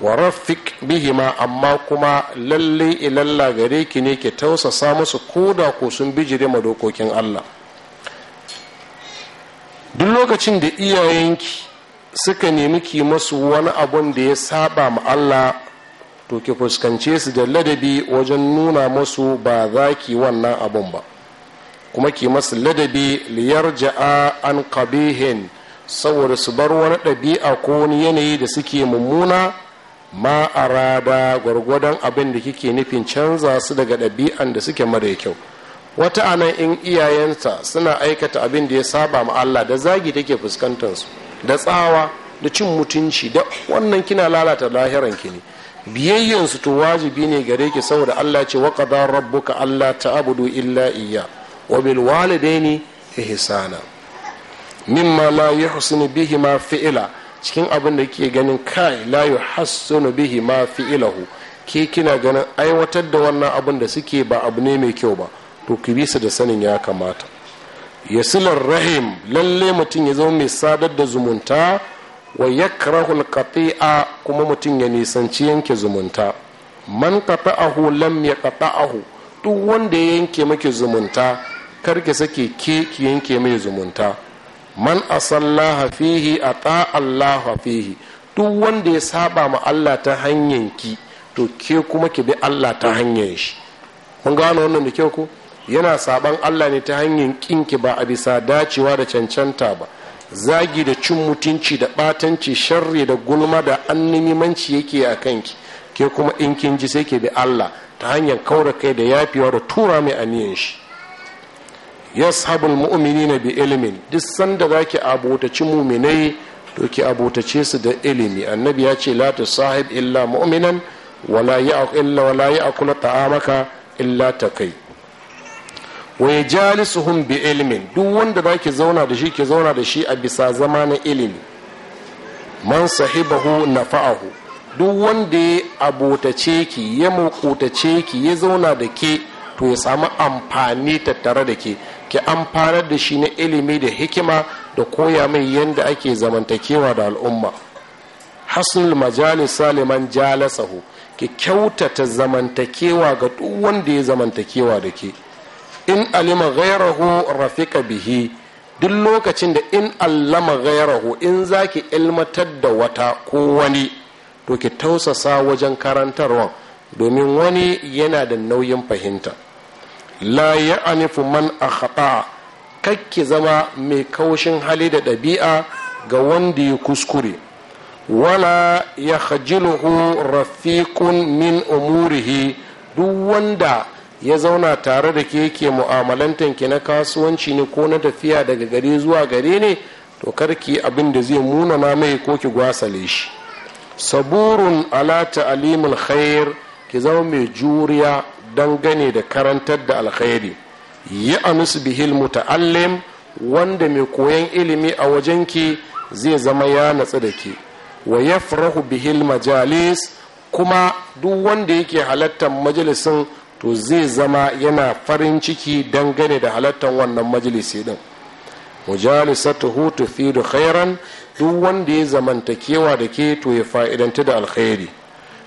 wa rafiq ma amma kuma lalle ilalla gare ki ne ki tausasa musu koda ko sun bijire ma dokokin Allah duk lokacin da iyayenki suka nemi ki masu wani abun da ya saba ma Allah to ki fuskance su da ladabi wajen nuna masu ba za ki wannan abun ba kuma ki masu ladabi liyar ja'a an kabihin saboda su bar wani ɗabi'a ko wani yanayi da suke mummuna ma a rada gwargwadon abin da kike nufin canza su daga ɗabi'an da suke mara kyau wata anan in iyayensa suna aikata abin da ya saba ma Allah da zagi take fuskantar su da tsawa da cin mutunci da wannan kina lalata lahiran ki ne biyayyan su to wajibi ne gare ki saboda Allah ce wa qadara rabbuka alla ta'budu illa iyya wa bil walidaini ihsana mimma la yuhsinu bihi ma fi'ila cikin abin da kike ganin kai la yuhsinu bihi ma fi'ilahu ke kina ganin aiwatar da wannan abin da suke ba abu ne mai kyau ba to ki bi da sanin ya kamata ya silar rahim lalle mutum ya zama mai sadar da zumunta wa yakrahul kafi'a kuma mutum ya nisanci yanke zumunta man qata'ahu lam yaqta'ahu duk wanda ya yanke maki zumunta kar ki sake ke ki yanke mai zumunta man asallaha fihi a Allah fihi duk wanda ya saba ma Allah ta hanyar ki to ke kuma ki bi Allah ta hanyar shi mun gane wannan da kyau ko yana saban allah ne ta hanyar kinki ba a bisa dacewa da cancanta ba zagi da cin mutunci da batanci sharri da gulma da annimimanci yake a kanki ke kuma in kin ji sai ke bi allah ta hanyar kaura kai da yafiwa da tura mai aniyan shi yashabul mu'minina bi ilimin duk sanda zaki abotaci muminai to ki abotace su da ilimi annabi ya ce la sahib illa mu'minan wala ya'kul illa wala ya'kul ta'amaka illa takai wa ya jalisuhum bi ilimin duk wanda za ki zauna da shi ki zauna da shi a bisa zama na ilimi man sahibahu fa'ahu duk wanda ya abotace ki ya makutace ki ya zauna da ke to ya samu amfani tattare da ke ki amfanar da shi na ilimi da hikima da koya mai yadda ake zamantakewa da al'umma hasnul majalis saliman jalasahu ki kyautata zamantakewa ga duk wanda ya zamantakewa da ke in alima ghairahu rafika bihi duk lokacin da in allama ghairahu in zaki ilmatar da wata ko wani to ki tausasa wajen karantarwa domin wani yana da nauyin fahimta la ya anifu man a haɗa kakki zama mai kaushin hali da ɗabi'a ga wanda ya kuskure wala ya rafiqun min umurihi duk wanda ya zauna tare da ke ke mu'amalantan ki na kasuwanci ne ko na tafiya daga gari zuwa gari ne to karki abin da zai munana mai ko ki gwasale shi saburun ala ta'alimul khair ki zama mai juriya dangane da karantar da alkhairi ya anus bihil muta'allim wanda mai koyan ilimi a wajen ki zai zama ya natsu da ke wa ya bihil majalis kuma duk wanda yake halattar majalisin to zai zama yana farin ciki dangane da halattar wannan majalisi din mujalisatuhu tufidu khairan duk wanda ya zamanta kewa da ke to ya fa'idanta da alkhairi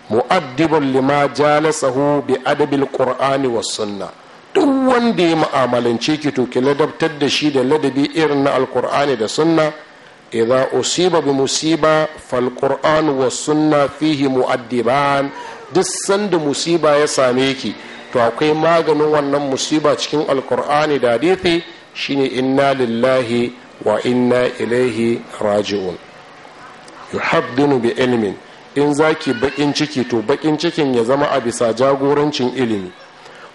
mu'addibun lima jalasahu bi adabil qur'ani was sunna duk wanda ya mu'amalance ki to ki ladabtar da shi da ladabi irin na alqur'ani da sunna idza usiba bi musiba fal qur'an was sunna fihi mu'addiban duk sanda musiba ya same ki to akwai maganin wannan musiba cikin alkur'ani da hadithi shine inna lillahi wa inna ilaihi raji'un yuhaddinu bi ilmin in zaki bakin ciki to bakin cikin ya zama a bisa jagorancin ilimi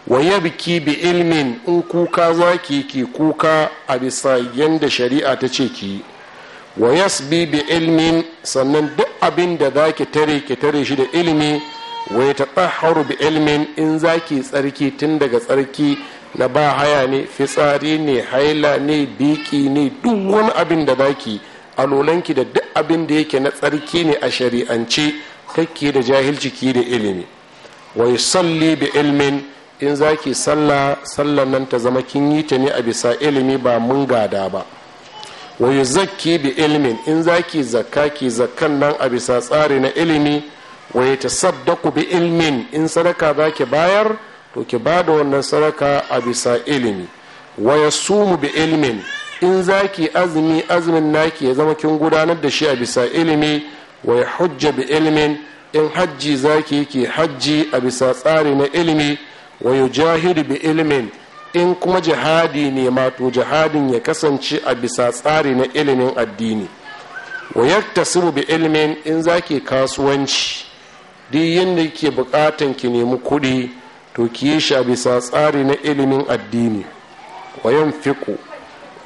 wa yabki bi ilmin in kuka zaki ki kuka a bisa yanda shari'a ta ce ki wa yasbi bi ilmin sannan duk abin da zaki tare ki tare shi da ilimi wai ta tsaharu bi ilmin in zaki tsarki tun daga tsarki na ba haya ne fitsari ne haila ne biki ne duk wani abin da zaki alolanki da duk abin da yake na tsarki ne a shari'ance kake da jahilci ki da ilimi wai salli bi ilmin in zaki sallah sallan nan ta zama kin yi ta ne a bisa ilimi ba mun gada ba wai zakki bi ilmin in zaki zakka ki zakkan nan a bisa tsari na ilimi wa ya tasaddaku bi ilmin in sadaka za ki bayar to ki ba da wannan sadaka a bisa ilimi wa ya sumu bi ilmin in za ki azumi azumin naki ya zama kin gudanar da shi a bisa ilimi wa hujja bi ilmin in hajji za ki ki hajji a bisa tsari na ilimi wa ya jahidu bi ilmin in kuma jihadi ne mato jihadin ya kasance a bisa tsari na ilimin addini wa yaktasibu bi ilmin in za ki kasuwanci duk yadda ke bukatan ki nemi kuɗi to ki yi sha bisa tsari na ilimin addini wayan fiku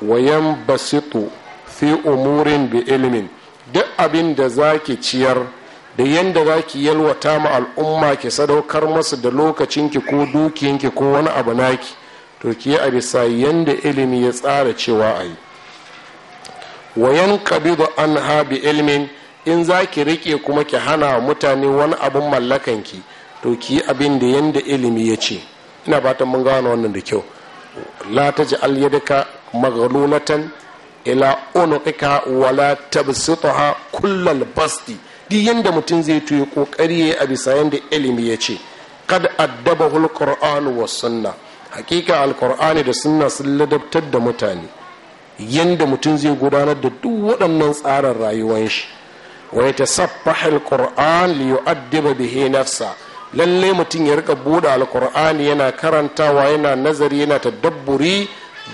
wayan basitu fi umurin bi ilimin duk abin da za ki ciyar da yadda za ki yalwata ma al'umma ki sadaukar masu da lokacinki ko dukiyanki ko wani abu naki to ki yi a bisa yadda ilimi ya tsara cewa a yi wayan kabidu an ha bi ilimin in za ki rike kuma ki hana wa mutane wani abin mallakanki to ki yi abin da yanda ilimi ya ce ina bata mun gano wannan da kyau la ta ji alyadaka magalulatan ila unuqika wala tabsitaha kullal basti di yanda mutum zai tuyi kokari yayi a bisa yanda ilimi ya ce kad addabahu alquran wa sunna hakika alqur'ani da sunna sun ladabtar da mutane yanda mutum zai gudanar da duk waɗannan tsarin rayuwar shi wa ya tasaffaha alquran li yu'addiba bihi nafsa mutum ya rika buɗe alkur'ani yana karantawa yana nazari yana tadabburi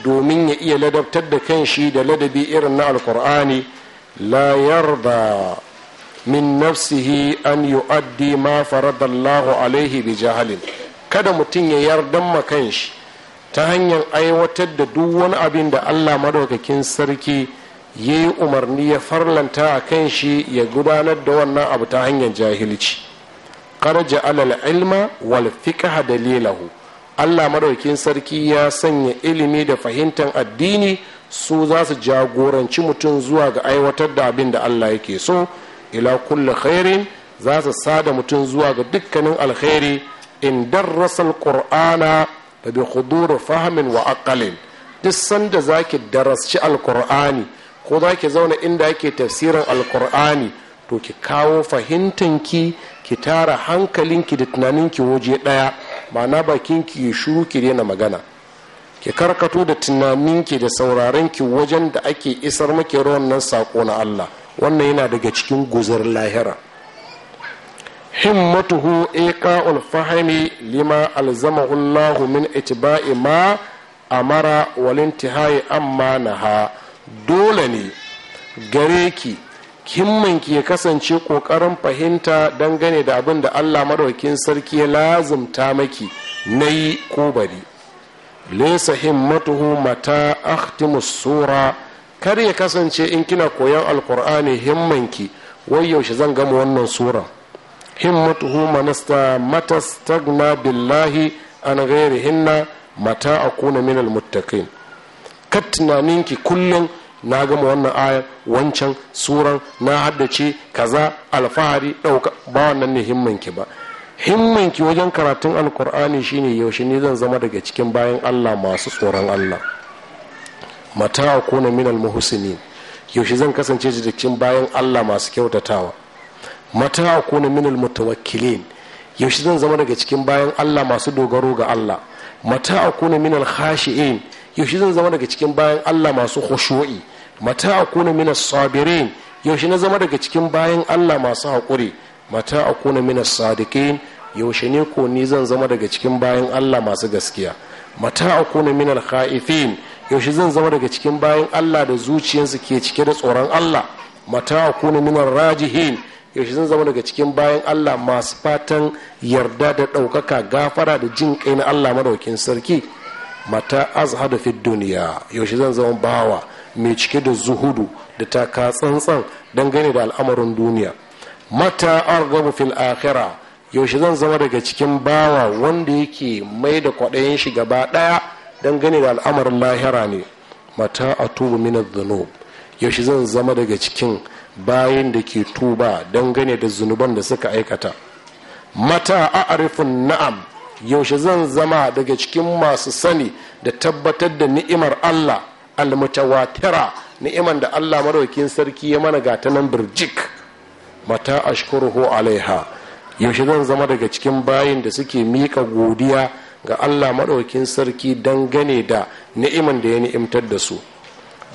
domin ya iya ladabtar da kanshi da ladabi irin na alkur'ani la yarda min nafsihi an yu'addi ma faradallahu alaihi bi jahalin kada mutum ya yardan ma kanshi ta hanyar aiwatar da duk wani abin da Allah madaukakin sarki ya yi umarni ya farlanta a kan shi ya gudanar da wannan abu ta hanyar jahilci karja alal ilma wal fiqha dalilahu Allah madaukin sarki ya sanya ilimi da fahimtar addini su za su jagoranci mutum zuwa ga aiwatar da abin da Allah yake so ila kulli khairin za su sada mutum zuwa ga dukkanin alkhairi in darrasa alqur'ana da bi hudur fahmin wa aqalin duk sanda zaki darasci alqur'ani ko za ki zauna inda ake tafsirin alkur'ani to ki kawo fahimtanki ki tara hankalinki da tunaninki waje ɗaya ma'ana bakinki ya shuru ki daina magana ki karkato da tunaninki da saurarenki wajen da ake isar maki wannan saƙo na allah wannan yana daga cikin guzar lahira himmatuhu iqa'ul fahimi lima alzamahu allahu min itba'i ma amara wal intihai amma naha dole ne gare ki himmanki ya kasance ƙoƙarin fahimta dangane da abin da allah maɗaukin sarki ya lazumta maki na yi ko bari lesa himmatuhu mata ahtimus sura kar ya kasance in kina koyon alkur'ani ki, wai yaushe zan gama wannan sura himmatuhu manasta matastagna billahi an hinna mata akuna minal muttaqin kar tunaninki kullum na gama wannan ayar wancan suran na haddace kaza alfahari ɗauka ba wannan ne himmanki ba himmanki wajen karatun alkur'ani shine yaushe ne zan zama daga cikin bayan allah masu tsoron allah mata a kona min yaushe zan kasance da cikin bayan allah masu kyautatawa mata a kona min yaushe zan zama daga cikin bayan allah masu dogaro ga allah mata a kona min alhashi'in yaushe zan zama daga cikin bayan Allah masu khushu'i mata akuna min as-sabirin yaushe na zama daga cikin bayan Allah masu haƙuri mata akuna min as-sadiqin yaushe ne ko ni zan zama daga cikin bayan Allah masu gaskiya mata akuna min al-khaifin yaushe zan zama daga cikin bayan Allah da zuciyarsu ke cike da tsoron Allah mata akuna min rajihin yaushe zan zama daga cikin bayan Allah masu fatan yarda da ɗaukaka gafara da jin kai na Allah madaukin sarki mata azhadu fi duniya yaushe zan zama bawa mai cike da zuhudu da taka tsantsan dangane da al'amarin duniya mata argabu fil akhira yaushe zan zama daga cikin bawa wanda yake mai da kwaɗayin shi gaba ɗaya dangane da al'amarin lahira ne mata atubu min dhunub yaushe zan zama daga cikin bayan da ke tuba dangane da zunuban da suka aikata mata a'rifun na'am yaushe zan zama daga cikin masu sani da tabbatar da ni'imar Allah almutawatira ni'iman da Allah Maɗaukin sarki ya mana gata nan birjik mata ashkuruhu alaiha yaushe zan zama daga cikin bayin da suke mika godiya ga Allah Maɗaukin sarki dangane da ni'iman da ya ni'imtar da su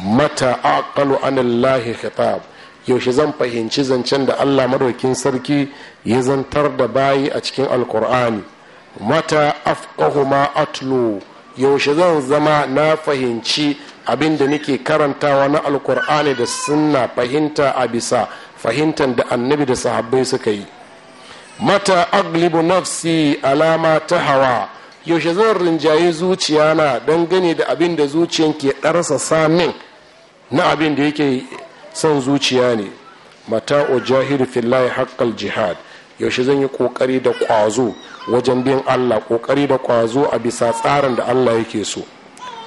mata aqalu Anallahi khitab yaushe zan fahimci zancen da Allah Maɗaukin sarki ya zantar da bayi a cikin alkur'ani mata afqahu ma atlu yaushe zan zama na fahimci abin da nake karantawa na alkur'ani da sunna fahimta a bisa fahimtar da annabi da sahabbai suka yi mata aglibu nafsi alama ta hawa yaushe zan rinjaye zuciya na dangane da abin da zuciyan ke ɗarsa samin na abin da yake son zuciya ne mata o jahiri fillahi haƙƙal jihad yaushe zan yi kokari da kwazo wajen bin Allah kokari da kwazo a bisa tsarin da Allah yake so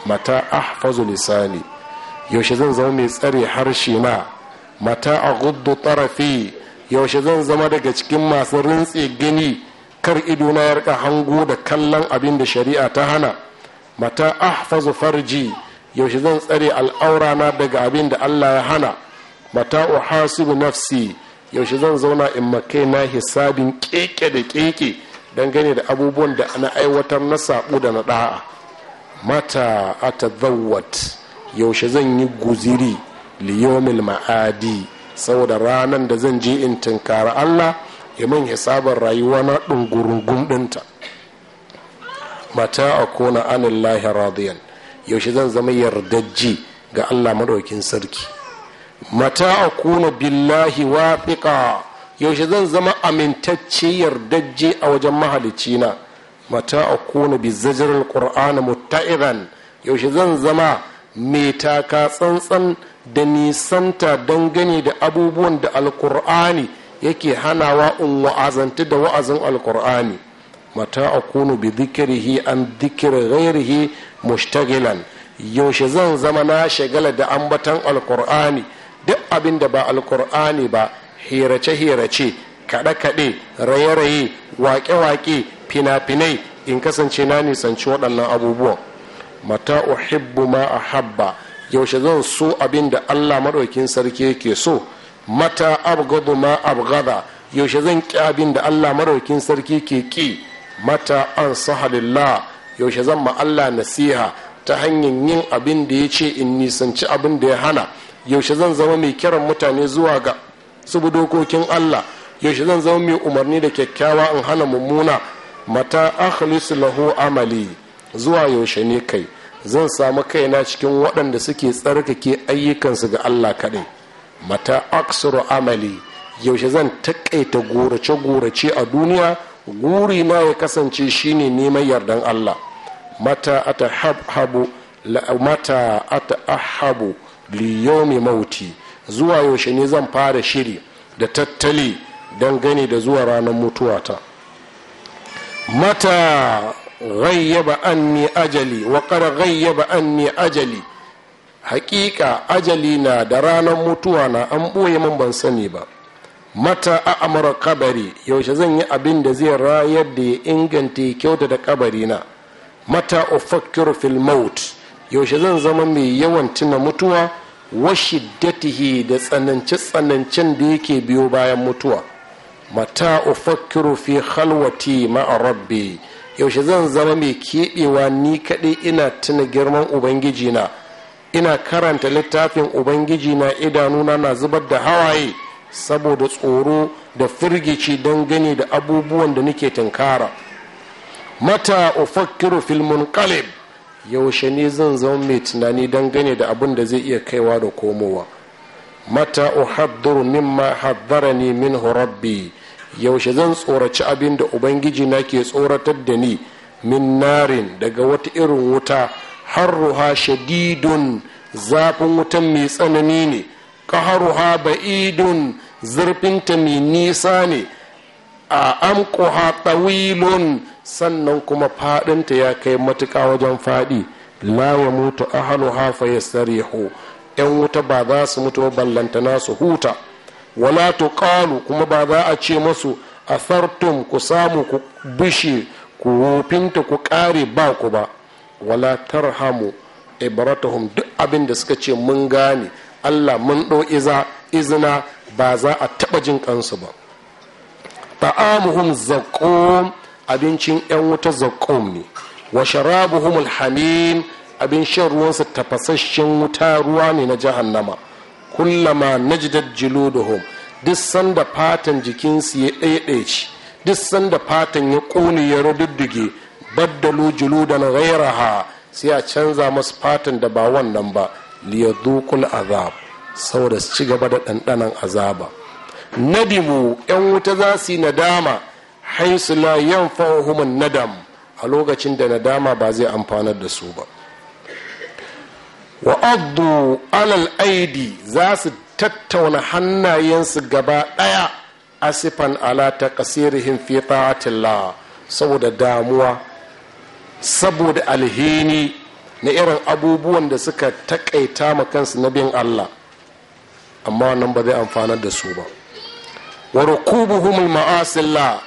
mata ahfazu lisani yaushe zan zama mai tsare harshe na mata aghuddu tarafi yaushe zan zama daga cikin masu rintse gani kar ido na yarka hango da kallon abin da shari'a ta hana mata ahfazu farji yaushe zan tsare al'aura na daga abin da Allah ya hana mata uhasibu nafsi yaushe zan zauna in makai na hisabin keke da keke dangane da abubuwan da na aiwatar na saɓu da na da'a mata a atazawwat yaushe zan yi guziri liyomil ma'adi saboda ranar da zan je in tunkara allah ya man hisabar rayuwa na ɗungurungun ɗinta mata a kona anillahi radiyan yaushe zan zama yardajji ga allah maɗaukin sarki mata a kuna billahi wafiƙa yaushe zan zama amintacce yardajje a wajen mahalicina mata a kuna bizzajirar ƙur'ani muta'iran yaushe zan zama mai taka tsantsan da nisanta dangane da abubuwan da alƙur'ani yake hanawa in wa'azanta da wa'azin alƙur'ani mata a kuna bi an zikir ghairihi mushtagilan yaushe zan zama na shagala da ambatan alƙur'ani duk abin da ba alkur'ani ba hirace-hirace kaɗe-kaɗe raye-raye waƙe-waƙe fina-finai in kasance na nisanci waɗannan abubuwan mata uhibbu ma a habba yaushe zan so abin da allah maɗaukin sarki yake so mata abgadu ma abgada yaushe zan ƙi abin da allah maɗaukin sarki ke ƙi mata an sahalillah yaushe zan ma allah nasiha ta hanyar yin abin da ya ce in nisanci abin da ya hana yaushe zan zama mai kiran mutane zuwa ga su dokokin Allah yaushe zan zama mai umarni da kyakkyawa in hana mummuna mata akhlisu lahu amali zuwa yaushe ne kai zan samu kaina cikin waɗanda suke tsarkake ayyukansu ga Allah kaɗai mata aksuru amali yaushe zan taƙaita gorace-gorace a duniya guri na ya kasance shine neman yardan Allah mata ata habu liyomi mauti zuwa yaushe ne zan fara shiri da tattali don gani da zuwa ranar mutuwata mata ghayyaba anni ajali wa qad anni ajali hakika ajali na da ranar mutuwa na an ɓoye man ban sani ba mata a amara kabari yaushe zan yi abin da zai rayar da ya inganta kyauta da kabari na mata ofakir fil maut yaushe zan zama mai yawan tuna mutuwa wa shiddatihi da tsanance tsanancen da yake biyo bayan mutuwa mata ufakkiru fi khalwati ma'a rabbi yaushe zan zama mai keɓewa ni kaɗai ina tuna girman ubangijina ina karanta littafin ubangiji na idanuna na zubar da hawaye saboda tsoro da firgici don gani da abubuwan da nake tunkara mata ufakkiru fil munqalib yaushe ne zan zama mai tunani dangane da abin da zai iya kaiwa da komowa mata uhadduru mimma ne min rabbi yaushe zan tsoraci abin da ubangiji na ke tsoratar da ni min narin daga wata irin wuta harruha shadidun zafin wutan mai tsanani ne ƙaharuha ba'idun zurfinta mai nisa ne a amkuha tawilun sannan kuma fadinta ya kai matuka wajen fadi la ya mutu ahaluha fa yastarihu yan wuta ba za su mutu ballantana su huta wala tuqalu kuma ba za a ce masu athartum ku samu ku bishi ku rufinta ku kare ba ku ba wala tarhamu ibratuhum duk abin da suka ce mun gane Allah mun ɗau iza izina ba za a taɓa jin kansu ba ta'amuhum zaqum abincin yan wuta zaqum ne wa sharabuhum alhamim abin shan ruwan su tafasasshen wuta ruwa ne na jahannama kullama najdat juluduhum duk sanda fatan jikinsu ya ɗaiɗaici duk sanda fatan ya kone ya rududdige baddalu juludan ghairaha sai a canza musu fatan da ba wannan ba liyadukul azab saboda su ci gaba da ɗanɗanan azaba nadimu yan wuta za su yi nadama haisu la yan human nadam a lokacin da nadama ba zai amfanar da su ba wa alal aidi za su tattauna hannayensu gaba ɗaya asifan ala ta kasirihin fi ta'atillah saboda damuwa saboda alhini na irin abubuwan da suka takaita ma kansu na bin Allah amma wannan ba zai amfanar da su ba wa rukubuhum ma'asillah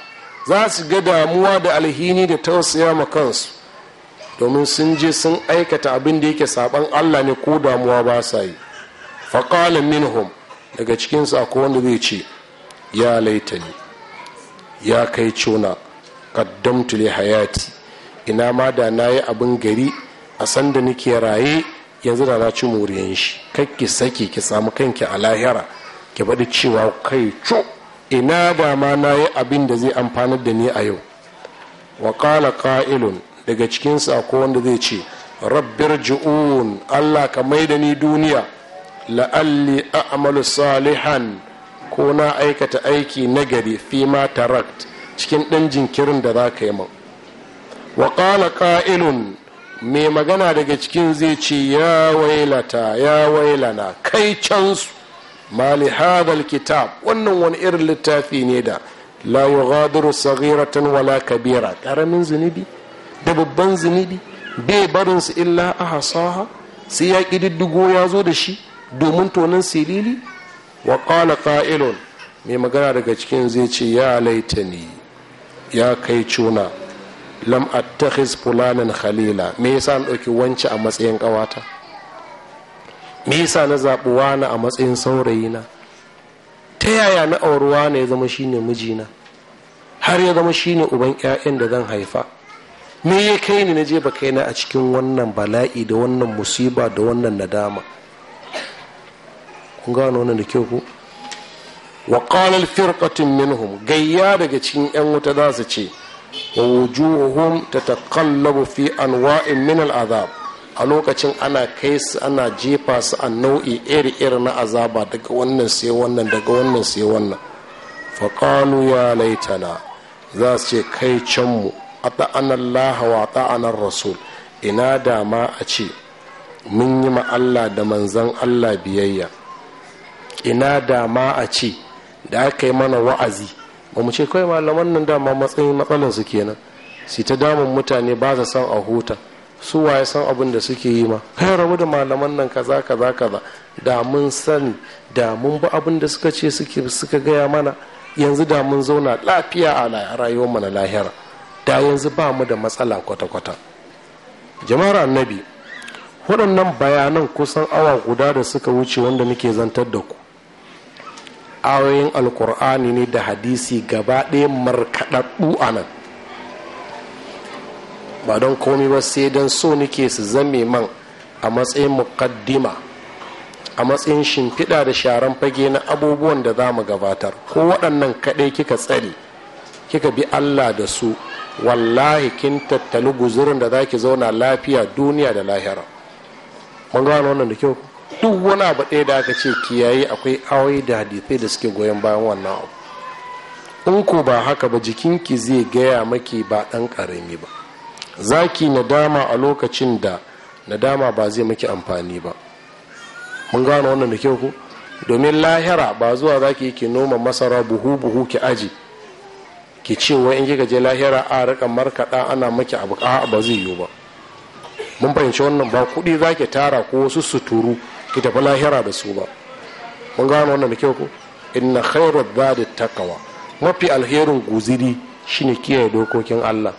za su ga damuwa da alhini da tausaya ma kansu domin sun je sun aikata abin da yake saban Allah ne ko damuwa ba sa yi faqala minhum daga cikin su akwai wanda zai ce ya laitani ya kai cona qaddamtu li hayati ina ma da nayi abin gari a sanda nake raye yanzu da na ci moriyan shi kakki saki ki samu kanki a lahira ki bada cewa kai cu ina ba ma na yi abin da zai amfanar da ni a yau wa ƙala ƙa'ilun daga cikin sako wanda zai ce rabbir ji'un allah ka mai da ni duniya la'alli a'malu salihan ko na aikata aiki nagari fi ma tarakt cikin ɗan jinkirin da za ka yi min wa ƙala ƙa'ilun mai magana daga cikin zai ce ya wailata ya wailana kai cansu ma li hadal kitab wannan wani irin littafi ne da la yughadiru saghiratan wala kabira karamin zunubi da babban zunubi bai barin su illa ahsaha sai ya kididdigo ya zo da shi domin tonin silili wa qala qa'ilun mai magana daga cikin zai ce ya laitani ya kai cuna lam attakhiz fulanan khalila me yasa an dauki wance a matsayin kawata me yasa na zaɓi wani a matsayin saurayina ta yaya na auri na ya zama shine mijina har ya zama shine uban 'ya'yan da zan haifa me ya kai ni na jefa kaina a cikin wannan bala'i da wannan musiba da wannan nadama kun gano wannan da kyau ku wa qala al minhum gayya daga cikin yan wuta za su ce wa wujuhum tataqallabu fi anwa'in min al-azab a lokacin ana kai su ana jefa su a nau'i iri-iri na azaba daga wannan sai wannan daga wannan sai wannan faƙalu ya laitana za su ce kai canmu a ta'anar lahawa ta'anar rasul ina da ma a ce mun yi Allah da manzan Allah biyayya ina da ma a ce da aka yi mana wa'azi ba mu ce kawai malaman nan dama matsayin su kenan su ta damun mutane ba su son a huta su waye san abin da suke yi ma kai rabu da malaman nan kaza kaza kaza da mun sani da mun bi abin da suka ce suke suka gaya mana yanzu da mun zauna lafiya a rayuwar mu na lahira da yanzu ba mu da matsala kwata-kwata jama'ar annabi waɗannan bayanan kusan awa guda da suka wuce wanda muke zantar da ku ayoyin alkur'ani ne da hadisi gaba ɗaya markaɗaɗɗu a nan ba don komi ba sai don so nike su zame man a matsayin mukaddima a matsayin shimfiɗa da sharan fage na abubuwan da za mu gabatar ko waɗannan kaɗai kika tsare kika bi allah da su wallahi kin tattali guzurin da za ki zauna lafiya duniya da lahira mun gano wannan da kyau duk wani abu ɗaya da aka ce kiyaye akwai awai da hadithai da suke goyon bayan wannan abu in ko ba haka ba jikinki zai gaya maki ba ɗan ƙarami ba zaki ki nadama a lokacin da nadama ba zai maki amfani ba mun gano wannan da kyau ku domin lahira ba zuwa zaki ki ki noma masara buhu buhu ki aji ki ce wa in kika je lahira a rika markaɗa ana maki abu a ba zai yiwu ba mun fahimci wannan ba kuɗi za tara ko wasu suturu ki tafi lahira da su ba mun gano wannan da kyau ku inna khairu badi takawa mafi alherin guziri shine kiyaye dokokin Allah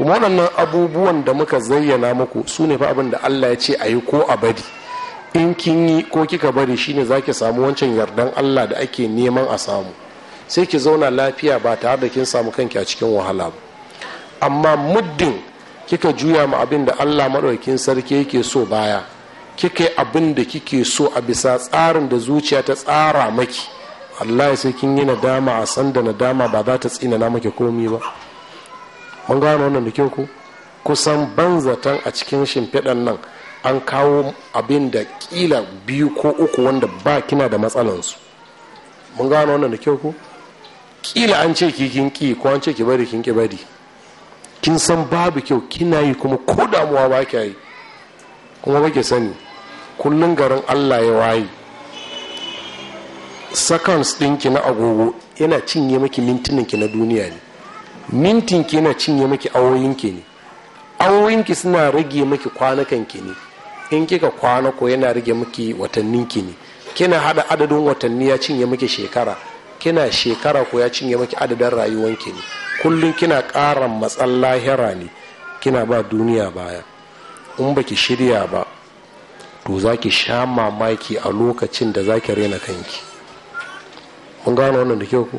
kuma waɗannan abubuwan da muka zayyana muku su ne fa abin da allah ya ce a yi ko a bari in kin yi ko kika bari shine za ki samu wancan yardan allah da ake neman a samu sai ki zauna lafiya ba tare da kin samu kanki a cikin wahala ba amma muddin kika juya ma abin da allah maɗaukin sarki yake so baya kika yi abin da kike so a bisa tsarin da zuciya ta tsara maki allah ya sai kin yi nadama a sanda nadama ba za ta tsina na maki komi ba mun gano wannan da ku kusan banzatan a cikin shimfiɗan nan an kawo abin da kila biyu ko uku wanda ba kina da matsalansu mun gano wannan da ku kila an ce ki kin ki ko an ce ki bari kin ki bari kin san babu kyau kina yi kuma ko damuwa ba ki yi kuma ba ki sani kullun garin Allah ya waye seconds ɗinki na agogo yana cinye maki mintunan ki na duniya ne mintin ki yana cinye maki awoyin ki ne awoyin ki suna rage maki kwanakan ki ne in kika kwana ko yana rage maki watannin ki ne kina hada adadin watanni ya cinye maki shekara kina shekara ko ya cinye maki adadin rayuwan ki ne kullum kina ƙara matsan lahira ne kina ba duniya baya in baki shirya ba to za ki sha mamaki a lokacin da za ki rena kanki mun gane wannan da kyau ko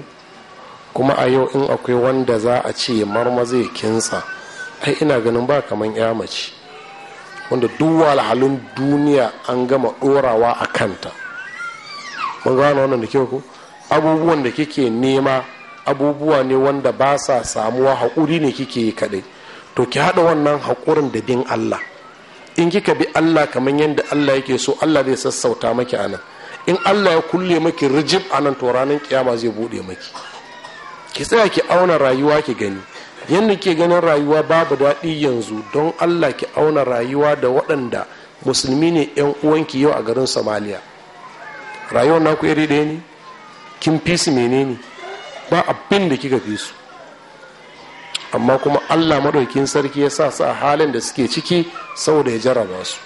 kuma a yau in akwai wanda za a ce marma zai kintsa ai ina ganin ba kaman ya mace wanda duk halin duniya an gama dorawa a kanta mun gano wannan da ke ku abubuwan da kike nema abubuwa ne wanda ba sa samuwa haƙuri ne kike yi kaɗai to ki haɗa wannan haƙurin da bin Allah in kika bi Allah kamar yadda Allah yake so Allah zai sassauta maki anan in Allah ya kulle maki rijib anan to ranar kiyama zai buɗe maki ki tsaya ki auna rayuwa ki gani yadda ke ganin rayuwa babu daɗi yanzu don allah ki auna rayuwa da waɗanda musulmi ne yan uwanki yau a garin somaliya rayuwar naku iri ɗaya ne kin fi su menene ba abin da kika fi su amma kuma allah maɗaukin sarki ya sa su a halin da suke ciki saboda ya jarraba su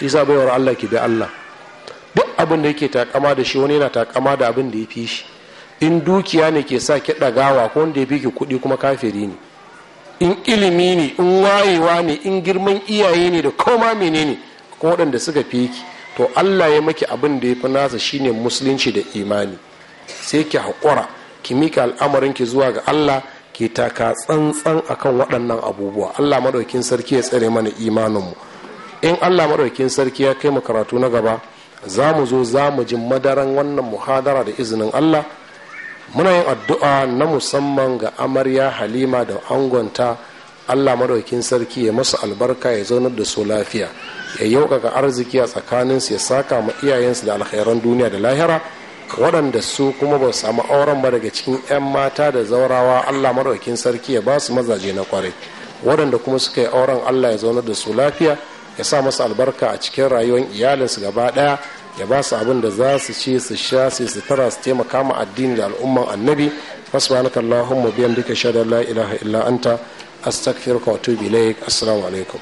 isa baiwar allah ki bi allah duk abin da yake takama da shi wani yana takama da abin da ya fi shi in dukiya ne ke sa ki ɗagawa ko wanda ya biki kuɗi kuma kafiri ne in ilimi ne in wayewa ne in girman iyaye ne da koma menene ko waɗanda suka fi ki to allah ya maki abin da ya fi nasa shine musulunci da imani sai ki haƙura ki mika al'amarin ki zuwa ga allah ki taka tsantsan akan waɗannan abubuwa allah maɗaukin sarki ya tsare mana imaninmu in allah maɗaukin sarki ya kai mu karatu na gaba za mu zo za mu ji madaran wannan muhadara da izinin allah muna yin addu'a na musamman ga amarya halima da angonta allah madaukin sarki ya masu albarka ya zaunar da su lafiya ya yaukaka arziki a tsakaninsu ya saka ma iyayensu da alkhairan duniya da lahira waɗanda su kuma ba samu auren ba daga cikin 'yan mata da zaurawa allah madaukin sarki ya ba su mazaje na kwarai waɗanda kuma suka yi auren allah ya zaunar da su lafiya ya sa masu albarka a cikin rayuwar iyalinsu gaba ɗaya ya ba su abin da za su ce su sha su su tara su taimaka ma addini da al'umman annabi fasbanaka allahumma biyan duka shaida la ilaha illa anta astaghfiruka wa atubu ilaik assalamu alaikum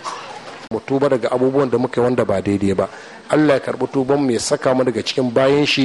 mu tuba daga abubuwan da muka wanda ba daidai ba Allah ya karɓi tuban mu ya saka mu daga cikin bayan shi